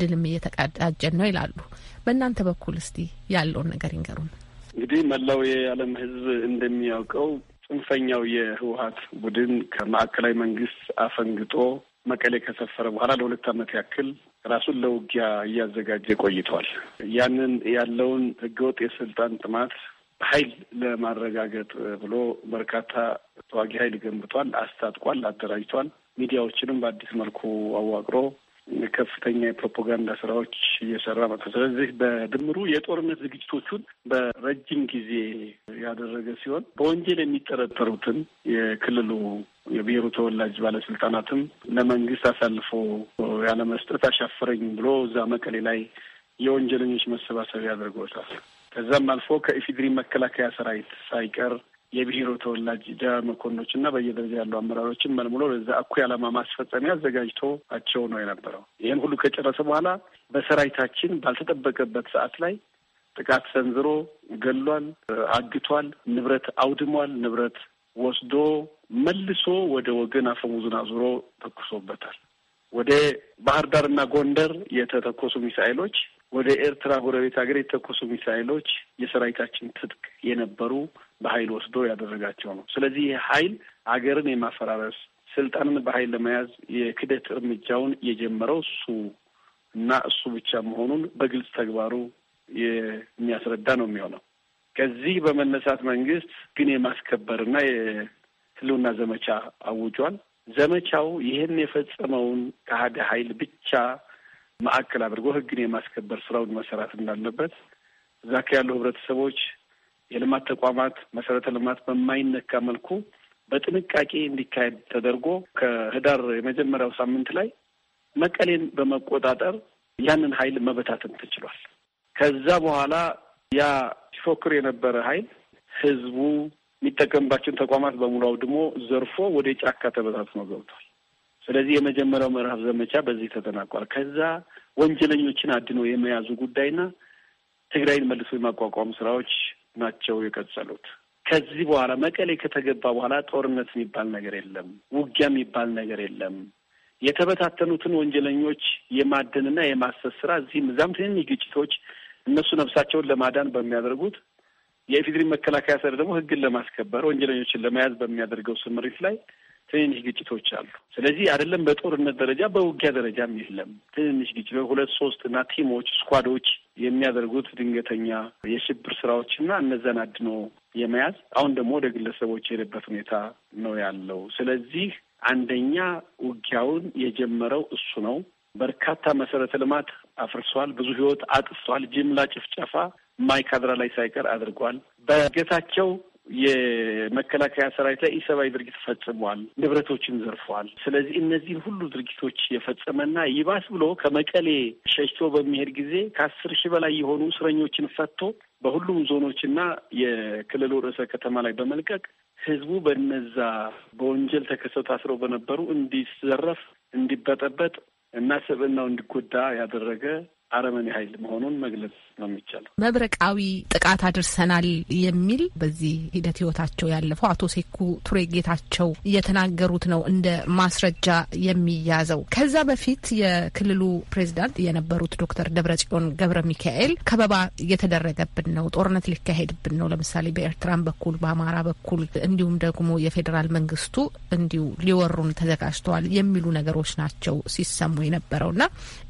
ድልም እየተቀዳጀን ነው ይላሉ። በእናንተ በኩል እስቲ ያለውን ነገር ይንገሩን። እንግዲህ መላው የዓለም ህዝብ እንደሚያውቀው ጽንፈኛው የህወሀት ቡድን ከማዕከላዊ መንግስት አፈንግጦ መቀሌ ከሰፈረ በኋላ ለሁለት ዓመት ያክል ራሱን ለውጊያ እያዘጋጀ ቆይቷል። ያንን ያለውን ህገወጥ የስልጣን ጥማት ኃይል ለማረጋገጥ ብሎ በርካታ ተዋጊ ኃይል ገንብቷል፣ አስታጥቋል፣ አደራጅቷል። ሚዲያዎችንም በአዲስ መልኩ አዋቅሮ ከፍተኛ የፕሮፓጋንዳ ስራዎች እየሰራ መጥቷል። ስለዚህ በድምሩ የጦርነት ዝግጅቶቹን በረጅም ጊዜ ያደረገ ሲሆን በወንጀል የሚጠረጠሩትን የክልሉ የብሔሩ ተወላጅ ባለስልጣናትም ለመንግስት አሳልፎ ያለመስጠት አሻፈረኝ ብሎ እዛ መቀሌ ላይ የወንጀለኞች መሰባሰቢያ አድርጎታል። ከዛም አልፎ ከኢፌዴሪ መከላከያ ሰራዊት ሳይቀር የብሔሩ ተወላጅ ጀነራል መኮንኖች እና በየደረጃ ያሉ አመራሮችን መልምሎ ለዛ እኩይ ዓላማ ማስፈጸሚያ አዘጋጅቶቸው ነው የነበረው። ይህን ሁሉ ከጨረሰ በኋላ በሰራዊታችን ባልተጠበቀበት ሰዓት ላይ ጥቃት ሰንዝሮ ገሏል፣ አግቷል፣ ንብረት አውድሟል፣ ንብረት ወስዶ መልሶ ወደ ወገን አፈሙዙን አዙሮ ተኩሶበታል። ወደ ባህር እና ጎንደር የተተኮሱ ሚሳይሎች፣ ወደ ኤርትራ ጎረቤት ሀገር የተተኮሱ ሚሳይሎች የሰራዊታችን ትጥቅ የነበሩ በኃይል ወስዶ ያደረጋቸው ነው። ስለዚህ ይህ ኃይል አገርን የማፈራረስ ስልጣንን በኃይል ለመያዝ የክደት እርምጃውን የጀመረው እሱ እና እሱ ብቻ መሆኑን በግልጽ ተግባሩ የሚያስረዳ ነው የሚሆነው። ከዚህ በመነሳት መንግስት ግን የማስከበርና የህልውና ዘመቻ አውጇል። ዘመቻው ይህን የፈጸመውን ከሀደ ኃይል ብቻ ማዕከል አድርጎ ህግን የማስከበር ስራውን መሰራት እንዳለበት እዛ ያሉ ህብረተሰቦች የልማት ተቋማት መሰረተ ልማት በማይነካ መልኩ በጥንቃቄ እንዲካሄድ ተደርጎ ከህዳር የመጀመሪያው ሳምንት ላይ መቀሌን በመቆጣጠር ያንን ኃይል መበታተን ተችሏል። ከዛ በኋላ ያ ሲፎክር የነበረ ኃይል ህዝቡ የሚጠቀምባቸውን ተቋማት በሙሉ አውድሞ ዘርፎ ወደ ጫካ ተበታትኖ ገብቷል። ስለዚህ የመጀመሪያው ምዕራፍ ዘመቻ በዚህ ተጠናቋል። ከዛ ወንጀለኞችን አድኖ የመያዙ ጉዳይና ትግራይን መልሶ የማቋቋም ስራዎች ናቸው የቀጸሉት። ከዚህ በኋላ መቀሌ ከተገባ በኋላ ጦርነት የሚባል ነገር የለም፣ ውጊያ የሚባል ነገር የለም። የተበታተኑትን ወንጀለኞች የማደንና የማሰስ ስራ እዚህም እዛም ትንንሽ ግጭቶች እነሱ ነፍሳቸውን ለማዳን በሚያደርጉት የኢፌዴሪ መከላከያ ሰር ደግሞ ህግን ለማስከበር ወንጀለኞችን ለመያዝ በሚያደርገው ስምሪት ላይ ትንንሽ ግጭቶች አሉ። ስለዚህ አይደለም በጦርነት ደረጃ በውጊያ ደረጃም የለም። ትንንሽ ግጭቶች ሁለት ሶስት እና ቲሞች ስኳዶች የሚያደርጉት ድንገተኛ የሽብር ስራዎችና እነዛን አድኖ የመያዝ አሁን ደግሞ ወደ ግለሰቦች የሄደበት ሁኔታ ነው ያለው። ስለዚህ አንደኛ ውጊያውን የጀመረው እሱ ነው። በርካታ መሰረተ ልማት አፍርሷል። ብዙ ህይወት አጥፍቷል። ጅምላ ጭፍጨፋ ማይካድራ ላይ ሳይቀር አድርጓል። በእድገታቸው የመከላከያ ሰራዊት ላይ ኢሰብአዊ ድርጊት ፈጽሟል፣ ንብረቶችን ዘርፏል። ስለዚህ እነዚህን ሁሉ ድርጊቶች የፈጸመና ይባስ ብሎ ከመቀሌ ሸሽቶ በሚሄድ ጊዜ ከአስር ሺህ በላይ የሆኑ እስረኞችን ፈቶ በሁሉም ዞኖችና የክልሉ ርዕሰ ከተማ ላይ በመልቀቅ ህዝቡ በነዛ በወንጀል ተከሰው ታስረው በነበሩ እንዲዘረፍ፣ እንዲበጠበጥ እና ስብዕናው እንዲጎዳ ያደረገ አረመኔ ኃይል መሆኑን መግለጽ ነው የሚቻለው። መብረቃዊ ጥቃት አድርሰናል የሚል በዚህ ሂደት ህይወታቸው ያለፈው አቶ ሴኩ ቱሬ ጌታቸው እየተናገሩት ነው እንደ ማስረጃ የሚያዘው። ከዛ በፊት የክልሉ ፕሬዚዳንት የነበሩት ዶክተር ደብረጽዮን ገብረ ሚካኤል ከበባ እየተደረገብን ነው፣ ጦርነት ሊካሄድብን ነው፣ ለምሳሌ በኤርትራም በኩል በአማራ በኩል እንዲሁም ደግሞ የፌዴራል መንግስቱ እንዲሁ ሊወሩን ተዘጋጅተዋል የሚሉ ነገሮች ናቸው ሲሰሙ እና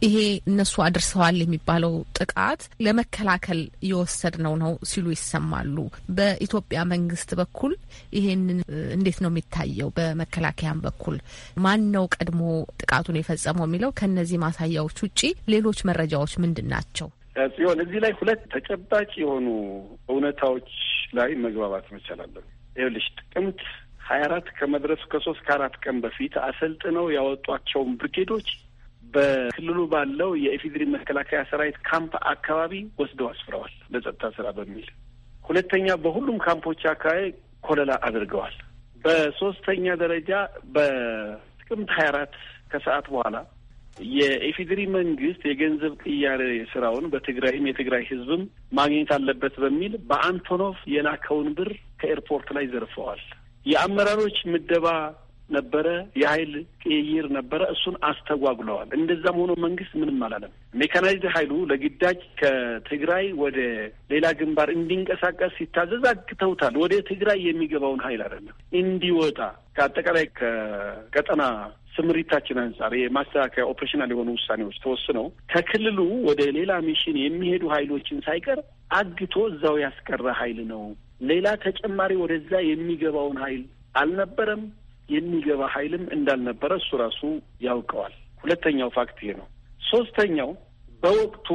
ይሄ እነሱ አድርሰዋል ይደርሳል የሚባለው ጥቃት ለመከላከል የወሰድነው ነው ሲሉ ይሰማሉ። በኢትዮጵያ መንግስት በኩል ይሄንን እንዴት ነው የሚታየው? በመከላከያም በኩል ማን ነው ቀድሞ ጥቃቱን የፈጸመው የሚለው ከነዚህ ማሳያዎች ውጪ ሌሎች መረጃዎች ምንድን ናቸው? ጽዮን፣ እዚህ ላይ ሁለት ተጨባጭ የሆኑ እውነታዎች ላይ መግባባት መቻላለን። ይኸውልሽ ጥቅምት ሀያ አራት ከመድረሱ ከሶስት ከአራት ቀን በፊት አሰልጥነው ያወጧቸውን ብርጌዶች በክልሉ ባለው የኢፌዴሪ መከላከያ ሰራዊት ካምፕ አካባቢ ወስደው አስፍረዋል ለጸጥታ ስራ በሚል ሁለተኛ፣ በሁሉም ካምፖች አካባቢ ኮለላ አድርገዋል። በሶስተኛ ደረጃ በጥቅምት ሀያ አራት ከሰዓት በኋላ የኢፌዴሪ መንግስት የገንዘብ ቅያሬ ስራውን በትግራይም የትግራይ ህዝብም ማግኘት አለበት በሚል በአንቶኖቭ የላከውን ብር ከኤርፖርት ላይ ዘርፈዋል። የአመራሮች ምደባ ነበረ፣ የሀይል ቅይይር ነበረ። እሱን አስተጓጉለዋል። እንደዛም ሆኖ መንግስት ምንም አላለም። ሜካናይዝድ ሀይሉ ለግዳጅ ከትግራይ ወደ ሌላ ግንባር እንዲንቀሳቀስ ሲታዘዝ አግተውታል። ወደ ትግራይ የሚገባውን ሀይል አይደለም እንዲወጣ ከአጠቃላይ ከቀጠና ስምሪታችን አንጻር የማስተካከያ ኦፕሬሽናል የሆኑ ውሳኔዎች ተወስነው ከክልሉ ወደ ሌላ ሚሽን የሚሄዱ ሀይሎችን ሳይቀር አግቶ እዛው ያስቀረ ሀይል ነው። ሌላ ተጨማሪ ወደዛ የሚገባውን ሀይል አልነበረም። የሚገባ ኃይልም እንዳልነበረ እሱ ራሱ ያውቀዋል። ሁለተኛው ፋክት ይሄ ነው። ሶስተኛው በወቅቱ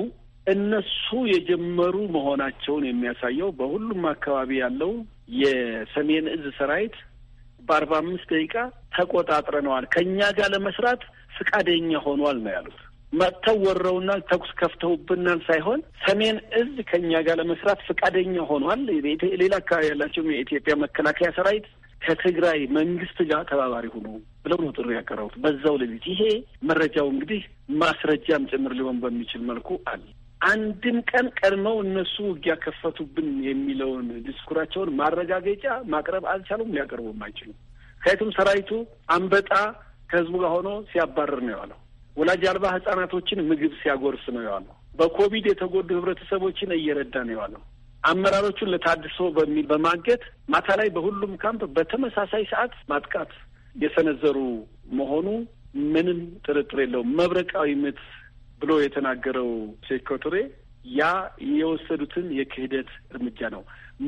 እነሱ የጀመሩ መሆናቸውን የሚያሳየው በሁሉም አካባቢ ያለው የሰሜን እዝ ሰራዊት በአርባ አምስት ደቂቃ ተቆጣጥረነዋል፣ ከእኛ ጋር ለመስራት ፍቃደኛ ሆኗል ነው ያሉት። መጥተው ወረውና ተኩስ ከፍተውብናል ሳይሆን ሰሜን እዝ ከእኛ ጋር ለመስራት ፍቃደኛ ሆኗል። ሌላ አካባቢ ያላቸውም የኢትዮጵያ መከላከያ ሰራዊት ከትግራይ መንግስት ጋር ተባባሪ ሁኑ ብለው ነው ጥሪ ያቀረቡት በዛው ሌሊት። ይሄ መረጃው እንግዲህ ማስረጃም ጭምር ሊሆን በሚችል መልኩ አለ። አንድም ቀን ቀድመው እነሱ ውጊያ ከፈቱብን የሚለውን ዲስኩራቸውን ማረጋገጫ ማቅረብ አልቻሉም፣ ሊያቀርቡም አይችሉም። ከየቱም ሰራዊቱ አንበጣ ከህዝቡ ጋር ሆኖ ሲያባርር ነው የዋለው። ወላጅ አልባ ህጻናቶችን ምግብ ሲያጎርስ ነው የዋለው። በኮቪድ የተጎዱ ህብረተሰቦችን እየረዳ ነው የዋለው። አመራሮቹን ለታድሶ በሚል በማገት ማታ ላይ በሁሉም ካምፕ በተመሳሳይ ሰዓት ማጥቃት የሰነዘሩ መሆኑ ምንም ጥርጥር የለውም። መብረቃዊ ምት ብሎ የተናገረው ሼክ ያ የወሰዱትን የክህደት እርምጃ ነው።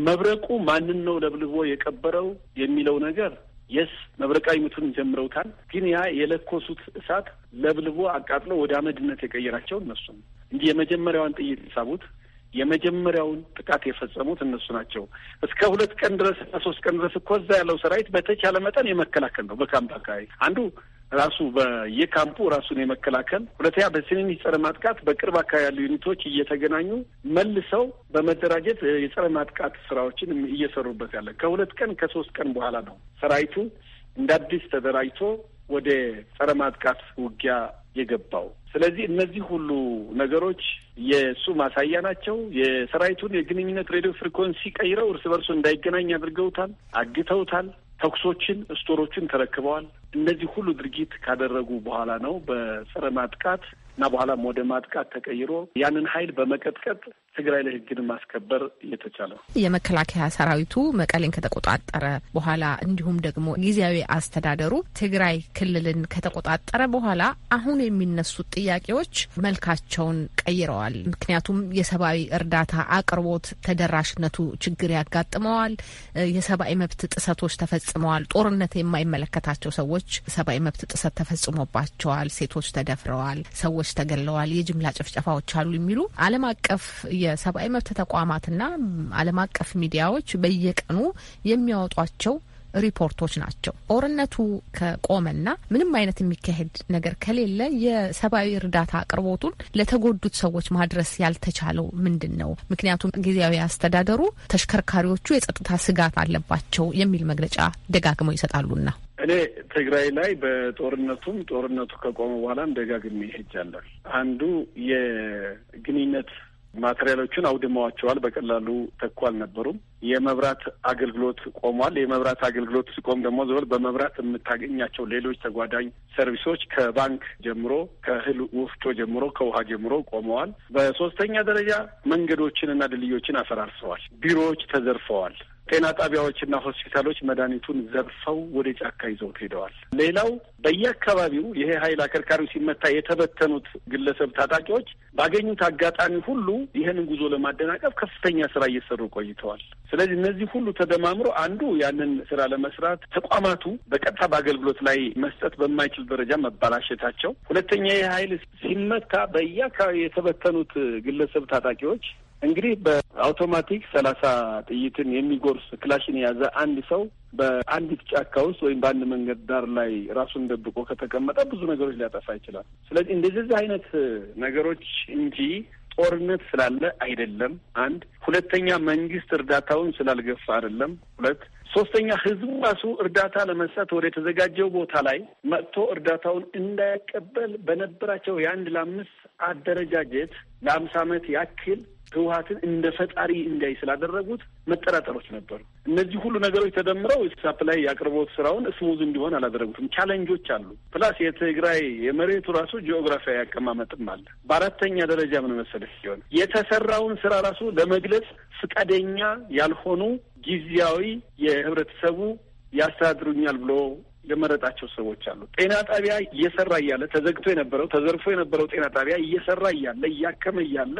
መብረቁ ማንን ነው ለብልቦ የቀበረው የሚለው ነገር የስ መብረቃዊ ምቱን ጀምረውታል። ግን ያ የለኮሱት እሳት ለብልቦ አቃጥሎ ወደ አመድነት የቀየራቸው እነሱም እንዲህ የመጀመሪያዋን ጥይት ሳቡት የመጀመሪያውን ጥቃት የፈጸሙት እነሱ ናቸው። እስከ ሁለት ቀን ድረስ እና ሶስት ቀን ድረስ እኮ እዛ ያለው ሰራዊት በተቻለ መጠን የመከላከል ነው። በካምፕ አካባቢ አንዱ ራሱ በየካምፑ ራሱን የመከላከል ሁለተኛ፣ በትንንሽ ጸረ ማጥቃት በቅርብ አካባቢ ያሉ ዩኒቶች እየተገናኙ መልሰው በመደራጀት የጸረ ማጥቃት ስራዎችን እየሰሩበት ያለ ከሁለት ቀን ከሶስት ቀን በኋላ ነው ሰራዊቱ እንደ አዲስ ተደራጅቶ ወደ ጸረ ማጥቃት ውጊያ የገባው። ስለዚህ እነዚህ ሁሉ ነገሮች የእሱ ማሳያ ናቸው። የሰራዊቱን የግንኙነት ሬዲዮ ፍሪኮንሲ ቀይረው እርስ በርሱ እንዳይገናኝ አድርገውታል፣ አግተውታል። ተኩሶችን፣ ስቶሮችን ተረክበዋል። እነዚህ ሁሉ ድርጊት ካደረጉ በኋላ ነው በጸረ ማጥቃት እና በኋላም ወደ ማጥቃት ተቀይሮ ያንን ኃይል በመቀጥቀጥ ትግራይ ላይ ህግን ማስከበር እየተቻለ የመከላከያ ሰራዊቱ መቀሌን ከተቆጣጠረ በኋላ እንዲሁም ደግሞ ጊዜያዊ አስተዳደሩ ትግራይ ክልልን ከተቆጣጠረ በኋላ አሁን የሚነሱት ጥያቄዎች መልካቸውን ቀይረዋል። ምክንያቱም የሰብአዊ እርዳታ አቅርቦት ተደራሽነቱ ችግር ያጋጥመዋል። የሰብአዊ መብት ጥሰቶች ተፈጽመዋል። ጦርነት የማይመለከታቸው ሰዎች ሰብአዊ መብት ጥሰት ተፈጽሞባቸዋል። ሴቶች ተደፍረዋል። ሰዎች ሰዎች ተገለዋል፣ የጅምላ ጭፍጨፋዎች አሉ የሚሉ ዓለም አቀፍ የሰብአዊ መብት ተቋማትና ዓለም አቀፍ ሚዲያዎች በየቀኑ የሚያወጧቸው ሪፖርቶች ናቸው። ጦርነቱ ከቆመና ምንም አይነት የሚካሄድ ነገር ከሌለ የሰብአዊ እርዳታ አቅርቦቱን ለተጎዱት ሰዎች ማድረስ ያልተቻለው ምንድን ነው? ምክንያቱም ጊዜያዊ አስተዳደሩ ተሽከርካሪዎቹ የጸጥታ ስጋት አለባቸው የሚል መግለጫ ደጋግመው ይሰጣሉና እኔ ትግራይ ላይ በጦርነቱም ጦርነቱ ከቆመ በኋላም ደጋግሜ ሄጃለሁ። አንዱ የግንኙነት ማቴሪያሎቹን አውድመዋቸዋል። በቀላሉ ተኩ አልነበሩም። የመብራት አገልግሎት ቆሟል። የመብራት አገልግሎት ሲቆም ደግሞ ዘበል በመብራት የምታገኛቸው ሌሎች ተጓዳኝ ሰርቪሶች ከባንክ ጀምሮ፣ ከእህል ወፍጮ ጀምሮ፣ ከውሃ ጀምሮ ቆመዋል። በሶስተኛ ደረጃ መንገዶችንና ድልድዮችን አፈራርሰዋል። ቢሮዎች ተዘርፈዋል። ጤና ጣቢያዎችና ሆስፒታሎች መድኃኒቱን ዘርፈው ወደ ጫካ ይዘውት ሄደዋል። ሌላው በየአካባቢው ይሄ ኃይል አከርካሪው ሲመታ የተበተኑት ግለሰብ ታጣቂዎች ባገኙት አጋጣሚ ሁሉ ይህንን ጉዞ ለማደናቀፍ ከፍተኛ ስራ እየሰሩ ቆይተዋል። ስለዚህ እነዚህ ሁሉ ተደማምሮ አንዱ ያንን ስራ ለመስራት ተቋማቱ በቀጥታ በአገልግሎት ላይ መስጠት በማይችል ደረጃ መባላሸታቸው፣ ሁለተኛ ይህ ኃይል ሲመታ በየአካባቢው የተበተኑት ግለሰብ ታጣቂዎች እንግዲህ በአውቶማቲክ ሰላሳ ጥይትን የሚጎርስ ክላሽን የያዘ አንድ ሰው በአንዲት ጫካ ውስጥ ወይም በአንድ መንገድ ዳር ላይ ራሱን ደብቆ ከተቀመጠ ብዙ ነገሮች ሊያጠፋ ይችላል። ስለዚህ እንደዚህ አይነት ነገሮች እንጂ ጦርነት ስላለ አይደለም። አንድ ሁለተኛ መንግስት እርዳታውን ስላልገፋ አይደለም። ሁለት ሶስተኛ ህዝቡ ራሱ እርዳታ ለመስጠት ወደ የተዘጋጀው ቦታ ላይ መጥቶ እርዳታውን እንዳይቀበል በነበራቸው የአንድ ለአምስት አደረጃጀት ለአምስት ዓመት ያክል ህወሀትን እንደ ፈጣሪ እንዲያይ ስላደረጉት መጠራጠሮች ነበሩ። እነዚህ ሁሉ ነገሮች ተደምረው ሳፕላይ የአቅርቦት ስራውን እስሙዝ እንዲሆን አላደረጉትም። ቻለንጆች አሉ። ፕላስ የትግራይ የመሬቱ ራሱ ጂኦግራፊያዊ አቀማመጥም አለ። በአራተኛ ደረጃ ምን መሰለሽ ሲሆን የተሰራውን ስራ ራሱ ለመግለጽ ፍቃደኛ ያልሆኑ ጊዜያዊ የህብረተሰቡ ያስተዳድሩኛል ብሎ የመረጣቸው ሰዎች አሉ። ጤና ጣቢያ እየሰራ እያለ ተዘግቶ የነበረው ተዘርፎ የነበረው ጤና ጣቢያ እየሰራ እያለ እያከመ እያለ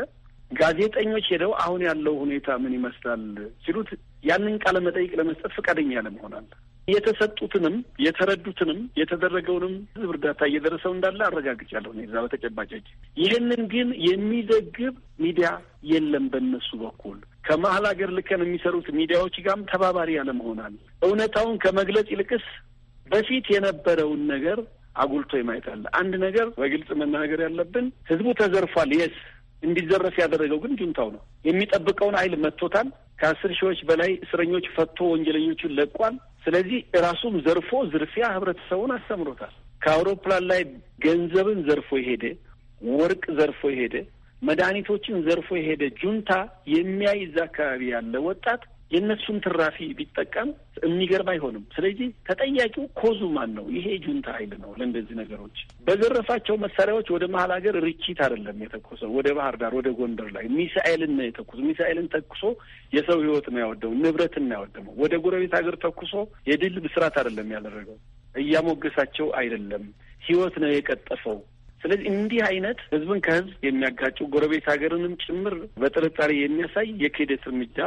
ጋዜጠኞች ሄደው አሁን ያለው ሁኔታ ምን ይመስላል ሲሉት ያንን ቃለ መጠይቅ ለመስጠት ፈቃደኛ ለመሆናል የተሰጡትንም የተረዱትንም የተደረገውንም ሕዝብ እርዳታ እየደረሰው እንዳለ አረጋግጫለሁ እዛ በተጨባጭ። ይህንን ግን የሚዘግብ ሚዲያ የለም። በእነሱ በኩል ከመሀል ሀገር ልከን የሚሰሩት ሚዲያዎች ጋርም ተባባሪ ያለመሆናል። እውነታውን ከመግለጽ ይልቅስ በፊት የነበረውን ነገር አጉልቶ የማይታለ አንድ ነገር በግልጽ መናገር ያለብን ህዝቡ ተዘርፏል የስ እንዲዘረፍ ያደረገው ግን ጁንታው ነው። የሚጠብቀውን ኃይል መጥቶታል። ከአስር ሺዎች በላይ እስረኞች ፈቶ ወንጀለኞቹን ለቋል። ስለዚህ ራሱም ዘርፎ ዝርፊያ ህብረተሰቡን አስተምሮታል። ከአውሮፕላን ላይ ገንዘብን ዘርፎ የሄደ ወርቅ ዘርፎ የሄደ መድኃኒቶችን ዘርፎ የሄደ ጁንታ የሚያይዝ አካባቢ ያለ ወጣት የእነሱን ትራፊ ቢጠቀም የሚገርም አይሆንም። ስለዚህ ተጠያቂው ኮዙ ማን ነው? ይሄ ጁንታ ኃይል ነው። ለእንደዚህ ነገሮች በዘረፋቸው መሳሪያዎች ወደ መሀል ሀገር ርችት አይደለም የተኮሰው፣ ወደ ባህር ዳር ወደ ጎንደር ላይ ሚሳኤልን ነው የተኮሰ። ሚሳኤልን ተኩሶ የሰው ህይወት ነው ያወደመው፣ ንብረትን ነው ያወደመው። ወደ ጎረቤት ሀገር ተኩሶ የድል ብስራት አይደለም ያደረገው። እያሞገሳቸው አይደለም፣ ህይወት ነው የቀጠፈው። ስለዚህ እንዲህ አይነት ህዝብን ከህዝብ የሚያጋጩ ጎረቤት ሀገርንም ጭምር በጥርጣሬ የሚያሳይ የክህደት እርምጃ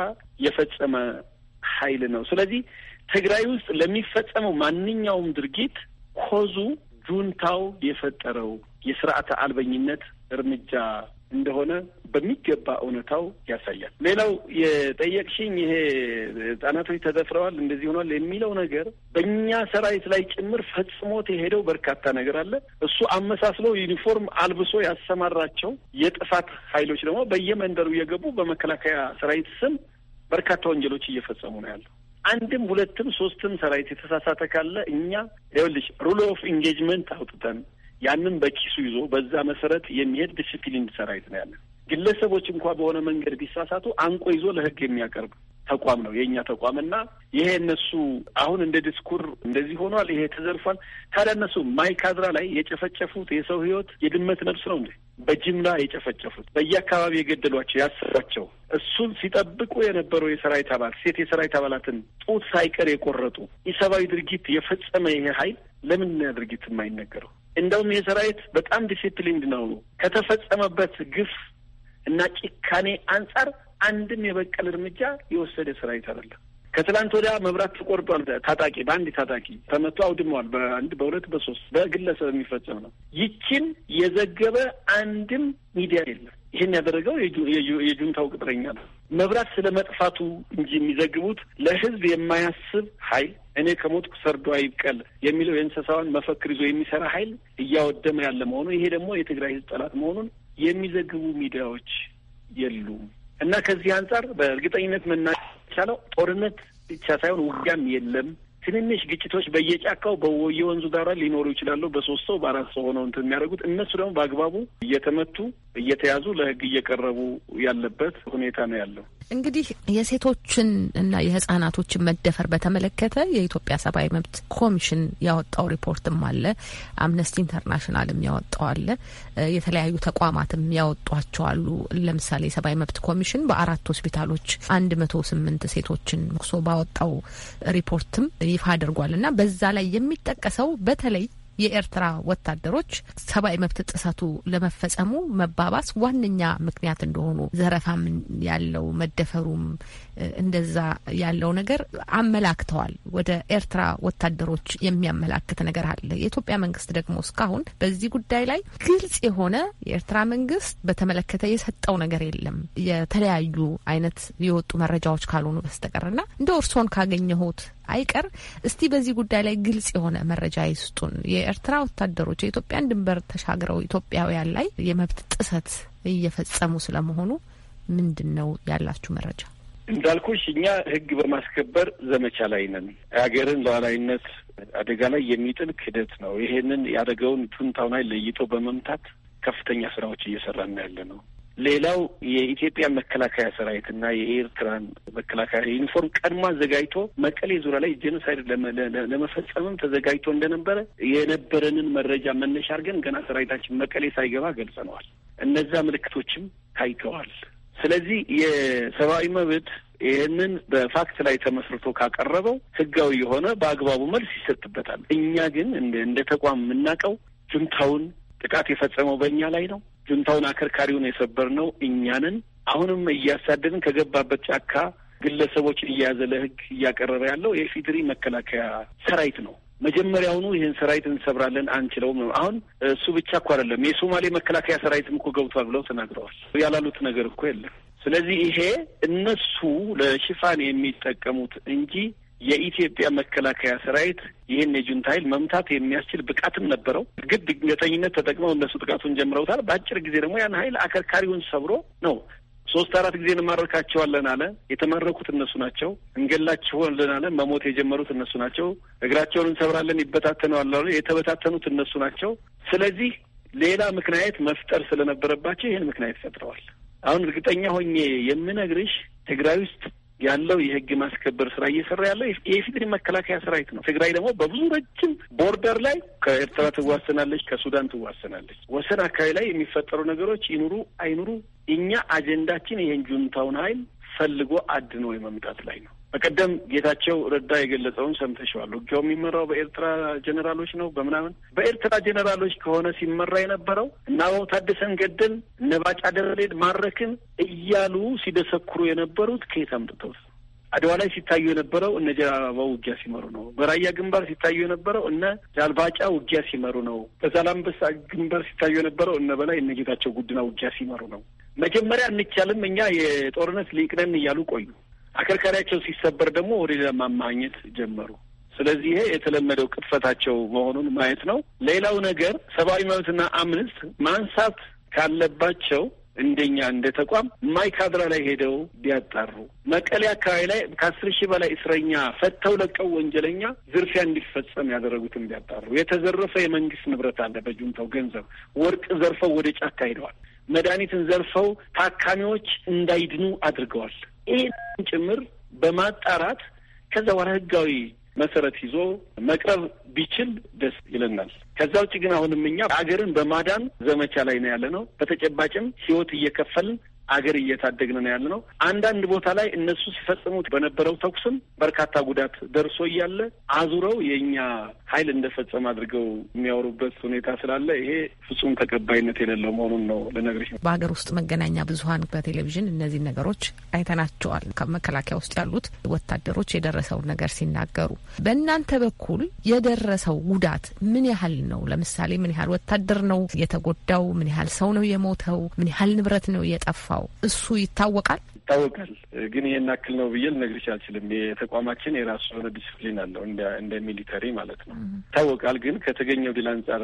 የፈጸመ ኃይል ነው። ስለዚህ ትግራይ ውስጥ ለሚፈጸመው ማንኛውም ድርጊት ኮዙ ጁንታው የፈጠረው የስርዓተ አልበኝነት እርምጃ እንደሆነ በሚገባ እውነታው ያሳያል። ሌላው የጠየቅሽኝ ይሄ ህጻናቶች ተደፍረዋል እንደዚህ ሆኗል የሚለው ነገር በእኛ ሰራዊት ላይ ጭምር ፈጽሞት የሄደው በርካታ ነገር አለ። እሱ አመሳስሎ ዩኒፎርም አልብሶ ያሰማራቸው የጥፋት ኃይሎች ደግሞ በየመንደሩ እየገቡ በመከላከያ ሰራዊት ስም በርካታ ወንጀሎች እየፈጸሙ ነው ያለው። አንድም ሁለትም ሶስትም ሰራዊት የተሳሳተ ካለ እኛ ይኸውልሽ ሩል ኦፍ ኢንጌጅመንት አውጥተን ያንን በኪሱ ይዞ በዛ መሰረት የሚሄድ ዲስፕሊን ሰራዊት ነው ያለን። ግለሰቦች እንኳ በሆነ መንገድ ቢሳሳቱ አንቆ ይዞ ለህግ የሚያቀርብ ተቋም ነው የእኛ ተቋም እና ይሄ እነሱ አሁን እንደ ዲስኩር እንደዚህ ሆኗል፣ ይሄ ተዘርፏል። ታዲያ እነሱ ማይካድራ ላይ የጨፈጨፉት የሰው ህይወት የድመት ነብስ ነው እንዴ? በጅምላ የጨፈጨፉት በየአካባቢ የገደሏቸው ያሰሯቸው፣ እሱን ሲጠብቁ የነበረው የሰራዊት አባል ሴት የሰራዊት አባላትን ጡት ሳይቀር የቆረጡ ኢሰብአዊ ድርጊት የፈጸመ ይሄ ሀይል ለምን ድርጊት የማይነገረው እንደውም ይህ ሰራዊት በጣም ዲሲፕሊንድ ነው። ከተፈጸመበት ግፍ እና ጭካኔ አንጻር አንድም የበቀል እርምጃ የወሰደ ሰራዊት አይደለም። ከትላንት ወዲያ መብራት ተቆርጧል። ታጣቂ በአንድ ታጣቂ ተመቶ አውድመዋል። በአንድ በሁለት በሶስት በግለሰብ የሚፈጸም ነው። ይችን የዘገበ አንድም ሚዲያ የለም። ይህን ያደረገው የጁንታው ቅጥረኛ ነው። መብራት ስለ መጥፋቱ እንጂ የሚዘግቡት ለህዝብ የማያስብ ኃይል እኔ ከሞትኩ ሰርዶ አይብቀል የሚለው የእንስሳዋን መፈክር ይዞ የሚሰራ ኃይል እያወደመ ያለ መሆኑ ይሄ ደግሞ የትግራይ ህዝብ ጠላት መሆኑን የሚዘግቡ ሚዲያዎች የሉም እና ከዚህ አንጻር በእርግጠኝነት መና ቻለው ጦርነት ብቻ ሳይሆን ውጊያም የለም። ትንንሽ ግጭቶች በየጫካው በየወንዙ ዳራ ሊኖሩ ይችላሉ። በሶስት ሰው በአራት ሰው ሆነው እንትን የሚያደርጉት እነሱ ደግሞ በአግባቡ እየተመቱ እየተያዙ ለህግ እየቀረቡ ያለበት ሁኔታ ነው ያለው። እንግዲህ የሴቶችን እና የህጻናቶችን መደፈር በተመለከተ የኢትዮጵያ ሰብአዊ መብት ኮሚሽን ያወጣው ሪፖርትም አለ። አምነስቲ ኢንተርናሽናልም ያወጣው አለ። የተለያዩ ተቋማትም ያወጧቸው አሉ። ለምሳሌ የሰብአዊ መብት ኮሚሽን በአራት ሆስፒታሎች አንድ መቶ ስምንት ሴቶችን መክሶ ባወጣው ሪፖርትም ይፋ አድርጓል እና በዛ ላይ የሚጠቀሰው በተለይ የኤርትራ ወታደሮች ሰብአዊ መብት ጥሰቱ ለመፈጸሙ መባባስ ዋነኛ ምክንያት እንደሆኑ ዘረፋም ያለው መደፈሩም እንደዛ ያለው ነገር አመላክተዋል። ወደ ኤርትራ ወታደሮች የሚያመላክት ነገር አለ። የኢትዮጵያ መንግስት ደግሞ እስካሁን በዚህ ጉዳይ ላይ ግልጽ የሆነ የኤርትራ መንግስት በተመለከተ የሰጠው ነገር የለም የተለያዩ አይነት የወጡ መረጃዎች ካልሆኑ በስተቀርና እንደ እርስዎን ካገኘሁት አይቀር እስቲ በዚህ ጉዳይ ላይ ግልጽ የሆነ መረጃ ይስጡን። የኤርትራ ወታደሮች የኢትዮጵያን ድንበር ተሻግረው ኢትዮጵያውያን ላይ የመብት ጥሰት እየፈጸሙ ስለመሆኑ ምንድን ነው ያላችሁ መረጃ? እንዳልኩሽ እኛ ህግ በማስከበር ዘመቻ ላይ ነን። የሀገርን ሉዓላዊነት አደጋ ላይ የሚጥል ክህደት ነው። ይሄንን ያደገውን ቱንታውን ላይ ለይቶ በመምታት ከፍተኛ ስራዎች እየሰራን ያለ ነው። ሌላው የኢትዮጵያ መከላከያ ሰራዊት እና የኤርትራን መከላከያ ዩኒፎርም ቀድሞ አዘጋጅቶ መቀሌ ዙሪያ ላይ ጄኖሳይድ ለመፈጸምም ተዘጋጅቶ እንደነበረ የነበረንን መረጃ መነሻ አድርገን ገና ሰራዊታችን መቀሌ ሳይገባ ገልጸነዋል። እነዛ ምልክቶችም ታይተዋል። ስለዚህ የሰብአዊ መብት ይህንን በፋክት ላይ ተመስርቶ ካቀረበው ህጋዊ የሆነ በአግባቡ መልስ ይሰጥበታል። እኛ ግን እንደ ተቋም የምናውቀው ጁንታውን ጥቃት የፈጸመው በእኛ ላይ ነው። ጁንታውን አከርካሪውን የሰበርነው እኛንን አሁንም እያሳደድን ከገባበት ጫካ ግለሰቦችን እየያዘ ለህግ እያቀረበ ያለው የኢፌዴሪ መከላከያ ሰራዊት ነው። መጀመሪያውኑ ይህን ሰራዊት እንሰብራለን አንችለውም። አሁን እሱ ብቻ እኮ አይደለም የሶማሌ መከላከያ ሰራዊትም እኮ ገብቷል ብለው ተናግረዋል። ያላሉት ነገር እኮ የለም። ስለዚህ ይሄ እነሱ ለሽፋን የሚጠቀሙት እንጂ የኢትዮጵያ መከላከያ ሰራዊት ይህን የጁንት ኃይል መምታት የሚያስችል ብቃትም ነበረው። ግን ድንገተኝነት ተጠቅመው እነሱ ጥቃቱን ጀምረውታል። በአጭር ጊዜ ደግሞ ያን ኃይል አከርካሪውን ሰብሮ ነው ሶስት አራት ጊዜ እንማረካቸዋለን አለ። የተማረኩት እነሱ ናቸው። እንገላችሆንልን አለ። መሞት የጀመሩት እነሱ ናቸው። እግራቸውን እንሰብራለን ይበታተነዋል አሉ። የተበታተኑት እነሱ ናቸው። ስለዚህ ሌላ ምክንያት መፍጠር ስለነበረባቸው ይህን ምክንያት ፈጥረዋል። አሁን እርግጠኛ ሆኜ የምነግርሽ ትግራይ ውስጥ ያለው የህግ ማስከበር ስራ እየሰራ ያለው የኢፌዴሪ መከላከያ ሰራዊት ነው። ትግራይ ደግሞ በብዙ ረጅም ቦርደር ላይ ከኤርትራ ትዋሰናለች፣ ከሱዳን ትዋሰናለች። ወሰን አካባቢ ላይ የሚፈጠሩ ነገሮች ይኑሩ አይኑሩ እኛ አጀንዳችን ይሄን ጁንታውን ሀይል ፈልጎ አድኖ የመምጣት ላይ ነው። በቀደም ጌታቸው ረዳ የገለጸውን ሰምተሸዋል። ውጊያው የሚመራው በኤርትራ ጀኔራሎች ነው በምናምን በኤርትራ ጀኔራሎች ከሆነ ሲመራ የነበረው እና አበባው ታደሰን ገደል ነባጫ ባጫ ማረክን እያሉ ሲደሰኩሩ የነበሩት ከየት አምጥተውት? አድዋ ላይ ሲታዩ የነበረው እነ ጀነራል ውጊያ ሲመሩ ነው። በራያ ግንባር ሲታዩ የነበረው እነ ጃልባጫ ውጊያ ሲመሩ ነው። በዛላምበሳ ግንባር ሲታዩ የነበረው እነ በላይ እነ ጌታቸው ጉድና ውጊያ ሲመሩ ነው። መጀመሪያ እንቻልም እኛ የጦርነት ሊቅነን እያሉ ቆዩ። አከርካሪያቸው ሲሰበር ደግሞ ወደ ሌላ ማማኘት ጀመሩ። ስለዚህ ይሄ የተለመደው ቅጥፈታቸው መሆኑን ማየት ነው። ሌላው ነገር ሰብአዊ መብትና አምነስት ማንሳት ካለባቸው እንደኛ እንደ ተቋም ማይካድራ ላይ ሄደው ቢያጣሩ መቀሌ አካባቢ ላይ ከአስር ሺህ በላይ እስረኛ ፈተው ለቀው ወንጀለኛ ዝርፊያ እንዲፈጸም ያደረጉትን ቢያጣሩ የተዘረፈ የመንግስት ንብረት አለ። በጁንታው ገንዘብ ወርቅ ዘርፈው ወደ ጫካ ሄደዋል። መድኃኒትን ዘርፈው ታካሚዎች እንዳይድኑ አድርገዋል። ይህን ጭምር በማጣራት ከዛ በኋላ ህጋዊ መሰረት ይዞ መቅረብ ቢችል ደስ ይለናል። ከዛ ውጭ ግን አሁንም እኛ አገርን በማዳን ዘመቻ ላይ ነው ያለ ነው። በተጨባጭም ህይወት እየከፈልን አገር እየታደግን ነው ያለ ነው። አንዳንድ ቦታ ላይ እነሱ ሲፈጽሙት በነበረው ተኩስም በርካታ ጉዳት ደርሶ እያለ አዙረው የእኛ ኃይል እንደፈጸመ አድርገው የሚያወሩበት ሁኔታ ስላለ ይሄ ፍጹም ተቀባይነት የሌለው መሆኑን ነው ልነግርሽ። በሀገር ውስጥ መገናኛ ብዙኃን በቴሌቪዥን እነዚህ ነገሮች አይተናቸዋል። ከመከላከያ ውስጥ ያሉት ወታደሮች የደረሰውን ነገር ሲናገሩ በእናንተ በኩል የደረሰው ጉዳት ምን ያህል ነው? ለምሳሌ ምን ያህል ወታደር ነው የተጎዳው? ምን ያህል ሰው ነው የሞተው? ምን ያህል ንብረት ነው የጠፋ የሚያጠፋው እሱ ይታወቃል ይታወቃል ግን ይሄን ያክል ነው ብዬ ልነግርሽ አልችልም። የተቋማችን የራሱ የሆነ ዲስፕሊን አለው እንደ ሚሊተሪ ማለት ነው። ይታወቃል ግን ከተገኘው ድል አንጻር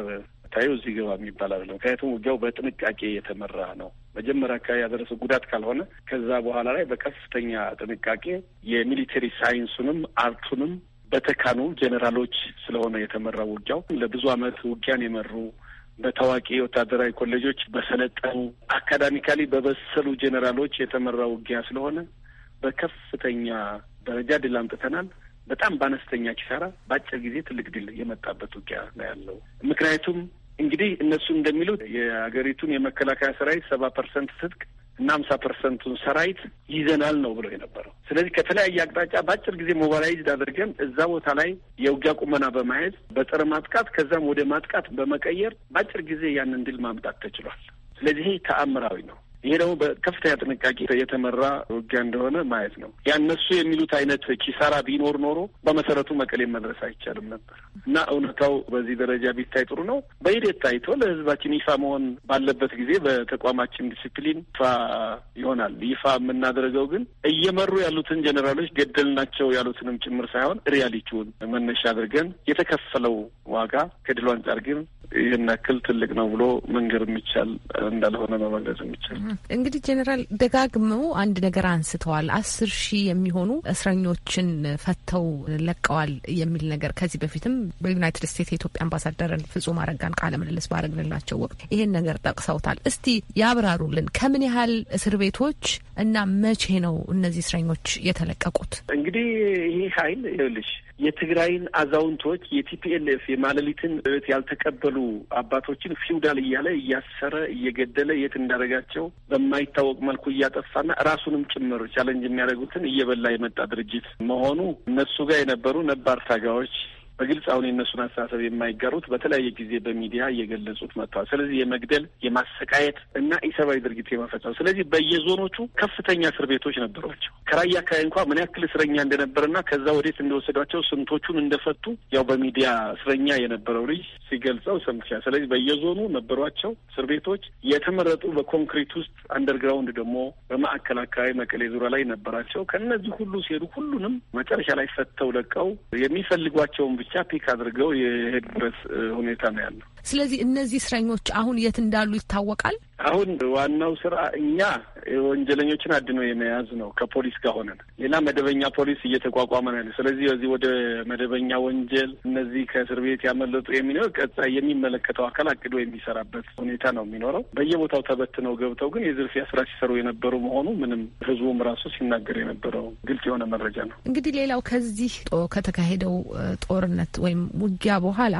ታየው እዚህ ገባ የሚባል አይደለም። ምክንያቱም ውጊያው በጥንቃቄ የተመራ ነው። መጀመሪያ አካባቢ ያደረሰው ጉዳት ካልሆነ ከዛ በኋላ ላይ በከፍተኛ ጥንቃቄ የሚሊተሪ ሳይንሱንም አርቱንም በተካኑ ጀኔራሎች ስለሆነ የተመራ ውጊያው ለብዙ ዓመት ውጊያን የመሩ በታዋቂ ወታደራዊ ኮሌጆች በሰለጠኑ አካዳሚካሊ በበሰሉ ጄኔራሎች የተመራ ውጊያ ስለሆነ በከፍተኛ ደረጃ ድል አምጥተናል። በጣም በአነስተኛ ኪሳራ በአጭር ጊዜ ትልቅ ድል የመጣበት ውጊያ ነው ያለው። ምክንያቱም እንግዲህ እነሱ እንደሚሉት የሀገሪቱን የመከላከያ ሰራዊት ሰባ ፐርሰንት ትጥቅ እና ሀምሳ ፐርሰንቱን ሰራዊት ይዘናል ነው ብለው የነበረው። ስለዚህ ከተለያየ አቅጣጫ በአጭር ጊዜ ሞባላይዝ አድርገን እዛ ቦታ ላይ የውጊያ ቁመና በማየት በጥር ማጥቃት ከዛም ወደ ማጥቃት በመቀየር በአጭር ጊዜ ያንን ድል ማምጣት ተችሏል። ስለዚህ ተአምራዊ ነው። ይሄ ደግሞ በከፍተኛ ጥንቃቄ የተመራ ውጊያ እንደሆነ ማየት ነው። ያነሱ የሚሉት አይነት ኪሳራ ቢኖር ኖሮ በመሰረቱ መቀሌ መድረስ አይቻልም ነበር እና እውነታው በዚህ ደረጃ ቢታይ ጥሩ ነው። በሂደት ታይቶ ለህዝባችን ይፋ መሆን ባለበት ጊዜ በተቋማችን ዲስፕሊን ይፋ ይሆናል። ይፋ የምናደርገው ግን እየመሩ ያሉትን ጀኔራሎች ገደልናቸው ያሉትንም ጭምር ሳይሆን ሪያሊቲውን መነሻ አድርገን የተከፈለው ዋጋ ከድሉ አንጻር ግን ይህን ያክል ትልቅ ነው ብሎ መንገር የሚቻል እንዳልሆነ መመለስ የሚቻል እንግዲህ ጄኔራል ደጋግመው አንድ ነገር አንስተዋል። አስር ሺህ የሚሆኑ እስረኞችን ፈተው ለቀዋል የሚል ነገር ከዚህ በፊትም በዩናይትድ ስቴትስ የኢትዮጵያ አምባሳደርን ፍጹም አረጋን ቃለ ምልልስ ባረግንላቸው ወቅት ይሄን ነገር ጠቅሰውታል። እስቲ ያብራሩልን ከምን ያህል እስር ቤቶች እና መቼ ነው እነዚህ እስረኞች የተለቀቁት? እንግዲህ ይህ ሀይል ይኸውልሽ የትግራይን አዛውንቶች የቲፒኤልኤፍ የማለሊትን እህት ያልተቀበሉ አባቶችን ፊውዳል እያለ እያሰረ እየገደለ የት እንዳደረጋቸው በማይታወቅ መልኩ እያጠፋና ራሱንም ጭምር ቻለንጅ የሚያደርጉትን እየበላ የመጣ ድርጅት መሆኑ እነሱ ጋር የነበሩ ነባር ታጋዎች በግልጽ አሁን የእነሱን አስተሳሰብ የማይጋሩት በተለያየ ጊዜ በሚዲያ እየገለጹት መጥተዋል። ስለዚህ የመግደል የማሰቃየት እና ኢሰብአዊ ድርጊት የመፈጸም ስለዚህ በየዞኖቹ ከፍተኛ እስር ቤቶች ነበሯቸው። ከራያ አካባቢ እንኳ ምን ያክል እስረኛ እንደነበረና ከዛ ወዴት እንደወሰዷቸው ስንቶቹን እንደፈቱ ያው በሚዲያ እስረኛ የነበረው ልጅ ሲገልጸው ሰምቻል። ስለዚህ በየዞኑ ነበሯቸው እስር ቤቶች የተመረጡ በኮንክሪት ውስጥ አንደርግራውንድ ደግሞ በማዕከል አካባቢ መቀሌ ዙሪያ ላይ ነበራቸው። ከእነዚህ ሁሉ ሲሄዱ ሁሉንም መጨረሻ ላይ ፈተው ለቀው የሚፈልጓቸውን ብቻ ፒክ አድርገው የሄድበት ሁኔታ ነው ያለው። ስለዚህ እነዚህ እስረኞች አሁን የት እንዳሉ ይታወቃል። አሁን ዋናው ስራ እኛ ወንጀለኞችን አድኖ የመያዝ ነው። ከፖሊስ ጋር ሆነን ሌላ መደበኛ ፖሊስ እየተቋቋመ ነው ያለ። ስለዚህ በዚህ ወደ መደበኛ ወንጀል እነዚህ ከእስር ቤት ያመለጡ የሚኖር ቀጣይ የሚመለከተው አካል አቅዶ የሚሰራበት ሁኔታ ነው የሚኖረው። በየቦታው ተበትነው ገብተው ግን የዝርፊያ ስራ ሲሰሩ የነበሩ መሆኑ ምንም ህዝቡም ራሱ ሲናገር የነበረው ግልጽ የሆነ መረጃ ነው። እንግዲህ ሌላው ከዚህ ከተካሄደው ጦርነት ወይም ውጊያ በኋላ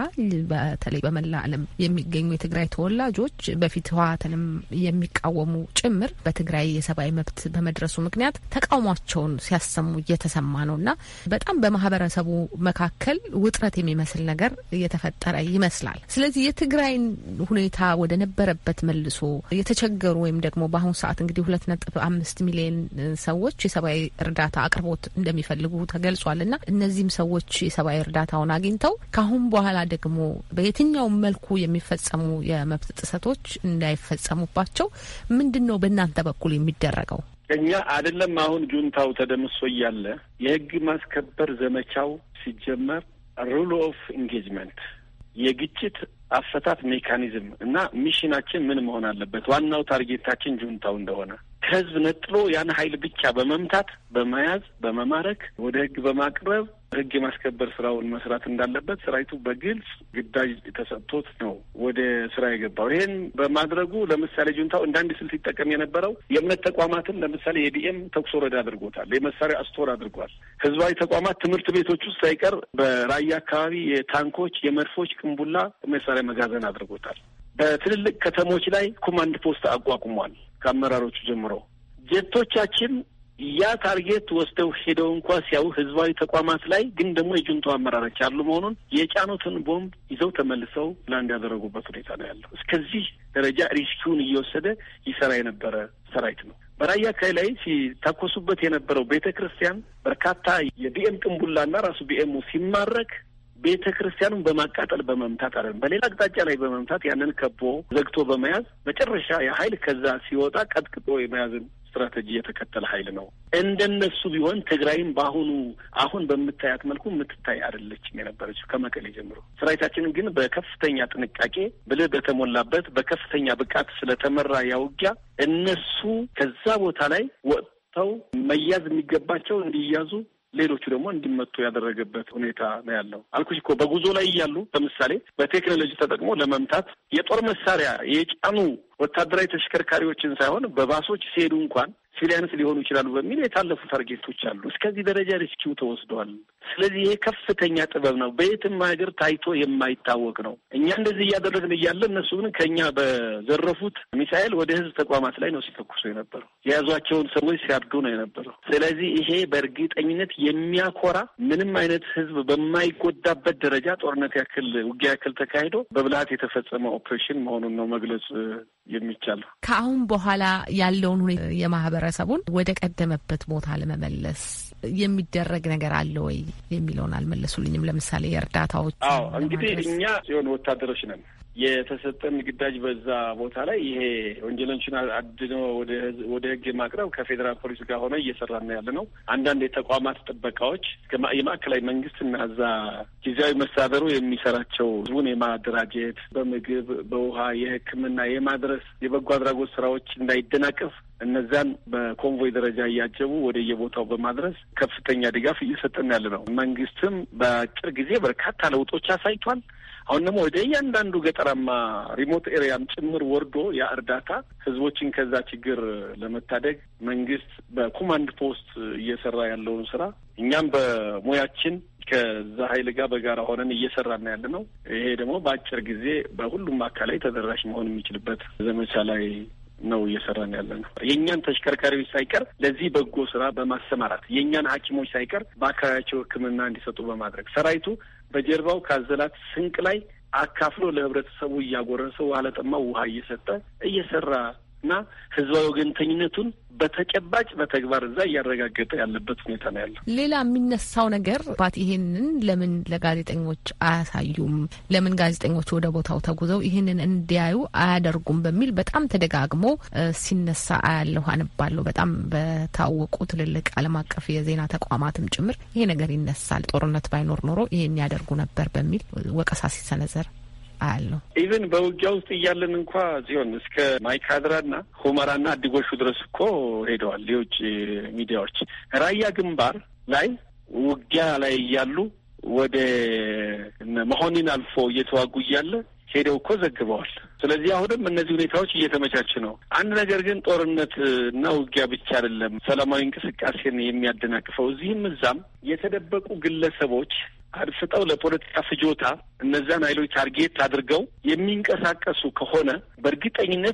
በተለይ በመላ ዓለም የሚገኙ የትግራይ ተወላጆች በፊት ህወሀትንም የሚቃወሙ ጭምር በትግራይ የሰብአዊ መብት በመድረሱ ምክንያት ተቃውሟቸውን ሲያሰሙ እየተሰማ ነው እና በጣም በማህበረሰቡ መካከል ውጥረት የሚመስል ነገር እየተፈጠረ ይመስላል። ስለዚህ የትግራይን ሁኔታ ወደ ነበረበት መልሶ የተቸገሩ ወይም ደግሞ በአሁኑ ሰዓት እንግዲህ ሁለት ነጥብ አምስት ሚሊዮን ሰዎች የሰብአዊ እርዳታ አቅርቦት እንደሚፈልጉ ተገልጿል እና እነዚህም ሰዎች የሰብአዊ እርዳታውን አግኝተው ከአሁን በኋላ ደግሞ በየትኛውም መልኩ መልኩ የሚፈጸሙ የመብት ጥሰቶች እንዳይፈጸሙባቸው ምንድን ነው በእናንተ በኩል የሚደረገው? እኛ አይደለም አሁን ጁንታው ተደምሶ እያለ የህግ ማስከበር ዘመቻው ሲጀመር ሩል ኦፍ ኢንጌጅመንት የግጭት አፈታት ሜካኒዝም እና ሚሽናችን ምን መሆን አለበት? ዋናው ታርጌታችን ጁንታው እንደሆነ ከህዝብ ነጥሎ ያን ሀይል ብቻ በመምታት በመያዝ በመማረክ ወደ ህግ በማቅረብ ህግ የማስከበር ስራውን መስራት እንዳለበት ሰራዊቱ በግልጽ ግዳጅ ተሰጥቶት ነው ወደ ስራ የገባው። ይሄን በማድረጉ ለምሳሌ ጁንታው እንዳንድ ስልት ይጠቀም የነበረው የእምነት ተቋማትን ለምሳሌ የዲኤም ተኩስ ወረዳ አድርጎታል። የመሳሪያ አስቶር አድርጓል። ህዝባዊ ተቋማት ትምህርት ቤቶች ውስጥ ሳይቀር በራያ አካባቢ የታንኮች፣ የመድፎች ቅንቡላ መሳሪያ መጋዘን አድርጎታል። በትልልቅ ከተሞች ላይ ኮማንድ ፖስት አቋቁሟል። ከአመራሮቹ ጀምሮ ጀቶቻችን ያ ታርጌት ወስደው ሄደው እንኳ ሲያዩ ህዝባዊ ተቋማት ላይ ግን ደግሞ የጁንቶ አመራሮች አሉ መሆኑን የጫኑትን ቦምብ ይዘው ተመልሰው ላንድ ያደረጉበት ሁኔታ ነው ያለው። እስከዚህ ደረጃ ሪስኪውን እየወሰደ ይሰራ የነበረ ሰራዊት ነው። በራያ አካባቢ ላይ ሲታኮሱበት የነበረው ቤተ ክርስቲያን በርካታ የቢኤም ቅንቡላና ራሱ ቢኤሙ ሲማረክ ቤተ ክርስቲያኑን በማቃጠል በመምታት አለ በሌላ አቅጣጫ ላይ በመምታት ያንን ከቦ ዘግቶ በመያዝ መጨረሻ የሀይል ከዛ ሲወጣ ቀጥቅጦ የመያዝን ስትራቴጂ የተከተለ ሀይል ነው። እንደነሱ ቢሆን ትግራይም በአሁኑ አሁን በምታያት መልኩ የምትታይ አይደለችም የነበረችው ከመቀሌ ጀምሮ። ሰራዊታችንን ግን በከፍተኛ ጥንቃቄ ብልህ በተሞላበት በከፍተኛ ብቃት ስለተመራ ያውጊያ እነሱ ከዛ ቦታ ላይ ወጥተው መያዝ የሚገባቸው እንዲያዙ ሌሎቹ ደግሞ እንዲመቱ ያደረገበት ሁኔታ ነው ያለው። አልኩሽ እኮ በጉዞ ላይ እያሉ ለምሳሌ በቴክኖሎጂ ተጠቅሞ ለመምታት የጦር መሳሪያ የጫኑ ወታደራዊ ተሽከርካሪዎችን ሳይሆን በባሶች ሲሄዱ እንኳን ሲቪሊያንስ ሊሆኑ ይችላሉ በሚል የታለፉ ታርጌቶች አሉ። እስከዚህ ደረጃ ሪስኪው ተወስደዋል። ስለዚህ ይሄ ከፍተኛ ጥበብ ነው። በየትም ሀገር ታይቶ የማይታወቅ ነው። እኛ እንደዚህ እያደረግን እያለ እነሱ ግን ከኛ በዘረፉት ሚሳኤል ወደ ህዝብ ተቋማት ላይ ነው ሲተኩሱ የነበረው። የያዟቸውን ሰዎች ሲያብዱ ነው የነበረው። ስለዚህ ይሄ በእርግጠኝነት የሚያኮራ ምንም አይነት ህዝብ በማይጎዳበት ደረጃ ጦርነት ያክል ውጊያ ያክል ተካሂዶ በብልሃት የተፈጸመ ኦፕሬሽን መሆኑን ነው መግለጽ የሚቻለው። ከአሁን በኋላ ያለውን ሁኔታ የማህበረሰቡን ወደ ቀደመበት ቦታ ለመመለስ የሚደረግ ነገር አለ ወይ? የሚለውን አልመለሱልኝም። ለምሳሌ የእርዳታዎች አዎ፣ እንግዲህ እኛ ሲሆን ወታደሮች ነን የተሰጠን ግዳጅ በዛ ቦታ ላይ ይሄ ወንጀለኞችን አድኖ ወደ ህግ የማቅረብ ከፌዴራል ፖሊስ ጋር ሆነ እየሰራን ነው ያለ ነው። አንዳንድ የተቋማት ጥበቃዎች የማዕከላዊ መንግስትና እዛ ጊዜያዊ መስተዳደሩ የሚሰራቸው ህዝቡን የማደራጀት በምግብ በውሃ የህክምና የማድረስ የበጎ አድራጎት ስራዎች እንዳይደናቀፍ እነዛን በኮንቮይ ደረጃ እያጀቡ ወደ የቦታው በማድረስ ከፍተኛ ድጋፍ እየሰጠን ያለ ነው። መንግስትም በአጭር ጊዜ በርካታ ለውጦች አሳይቷል። አሁን ደግሞ ወደ እያንዳንዱ ገጠራማ ሪሞት ኤሪያም ጭምር ወርዶ ያ እርዳታ ህዝቦችን ከዛ ችግር ለመታደግ መንግስት በኮማንድ ፖስት እየሰራ ያለውን ስራ እኛም በሙያችን ከዛ ኃይል ጋር በጋራ ሆነን እየሰራን ያለ ነው። ይሄ ደግሞ በአጭር ጊዜ በሁሉም አካል ላይ ተደራሽ መሆን የሚችልበት ዘመቻ ላይ ነው እየሰራን ያለ ነው። የእኛን ተሽከርካሪዎች ሳይቀር ለዚህ በጎ ስራ በማሰማራት የእኛን ሐኪሞች ሳይቀር በአካባቢያቸው ሕክምና እንዲሰጡ በማድረግ ሰራዊቱ በጀርባው ካዘላት ስንቅ ላይ አካፍሎ ለህብረተሰቡ እያጎረሰ ውሃ ውሃ እየሰጠ እየሰራ እና ህዝባዊ ወገንተኝነቱን በተጨባጭ በተግባር እዛ እያረጋገጠ ያለበት ሁኔታ ነው ያለው። ሌላ የሚነሳው ነገር ባት ይሄንን ለምን ለጋዜጠኞች አያሳዩም? ለምን ጋዜጠኞች ወደ ቦታው ተጉዘው ይህንን እንዲያዩ አያደርጉም? በሚል በጣም ተደጋግሞ ሲነሳ አያለሁ፣ አነባለሁ። በጣም በታወቁ ትልልቅ ዓለም አቀፍ የዜና ተቋማትም ጭምር ይሄ ነገር ይነሳል። ጦርነት ባይኖር ኖሮ ይሄን ያደርጉ ነበር በሚል ወቀሳ ሲሰነዘር አያለሁ። ኢቨን በውጊያ ውስጥ እያለን እንኳ ሲሆን እስከ ማይካድራና ሁመራና አዲጎሹ ድረስ እኮ ሄደዋል የውጭ ሚዲያዎች። ራያ ግንባር ላይ ውጊያ ላይ እያሉ ወደ መሆኒን አልፎ እየተዋጉ እያለ ሄደው እኮ ዘግበዋል። ስለዚህ አሁንም እነዚህ ሁኔታዎች እየተመቻች ነው። አንድ ነገር ግን ጦርነት እና ውጊያ ብቻ አይደለም ሰላማዊ እንቅስቃሴን የሚያደናቅፈው። እዚህም እዛም የተደበቁ ግለሰቦች አድፍጠው ለፖለቲካ ፍጆታ እነዛን ኃይሎች ታርጌት አድርገው የሚንቀሳቀሱ ከሆነ በእርግጠኝነት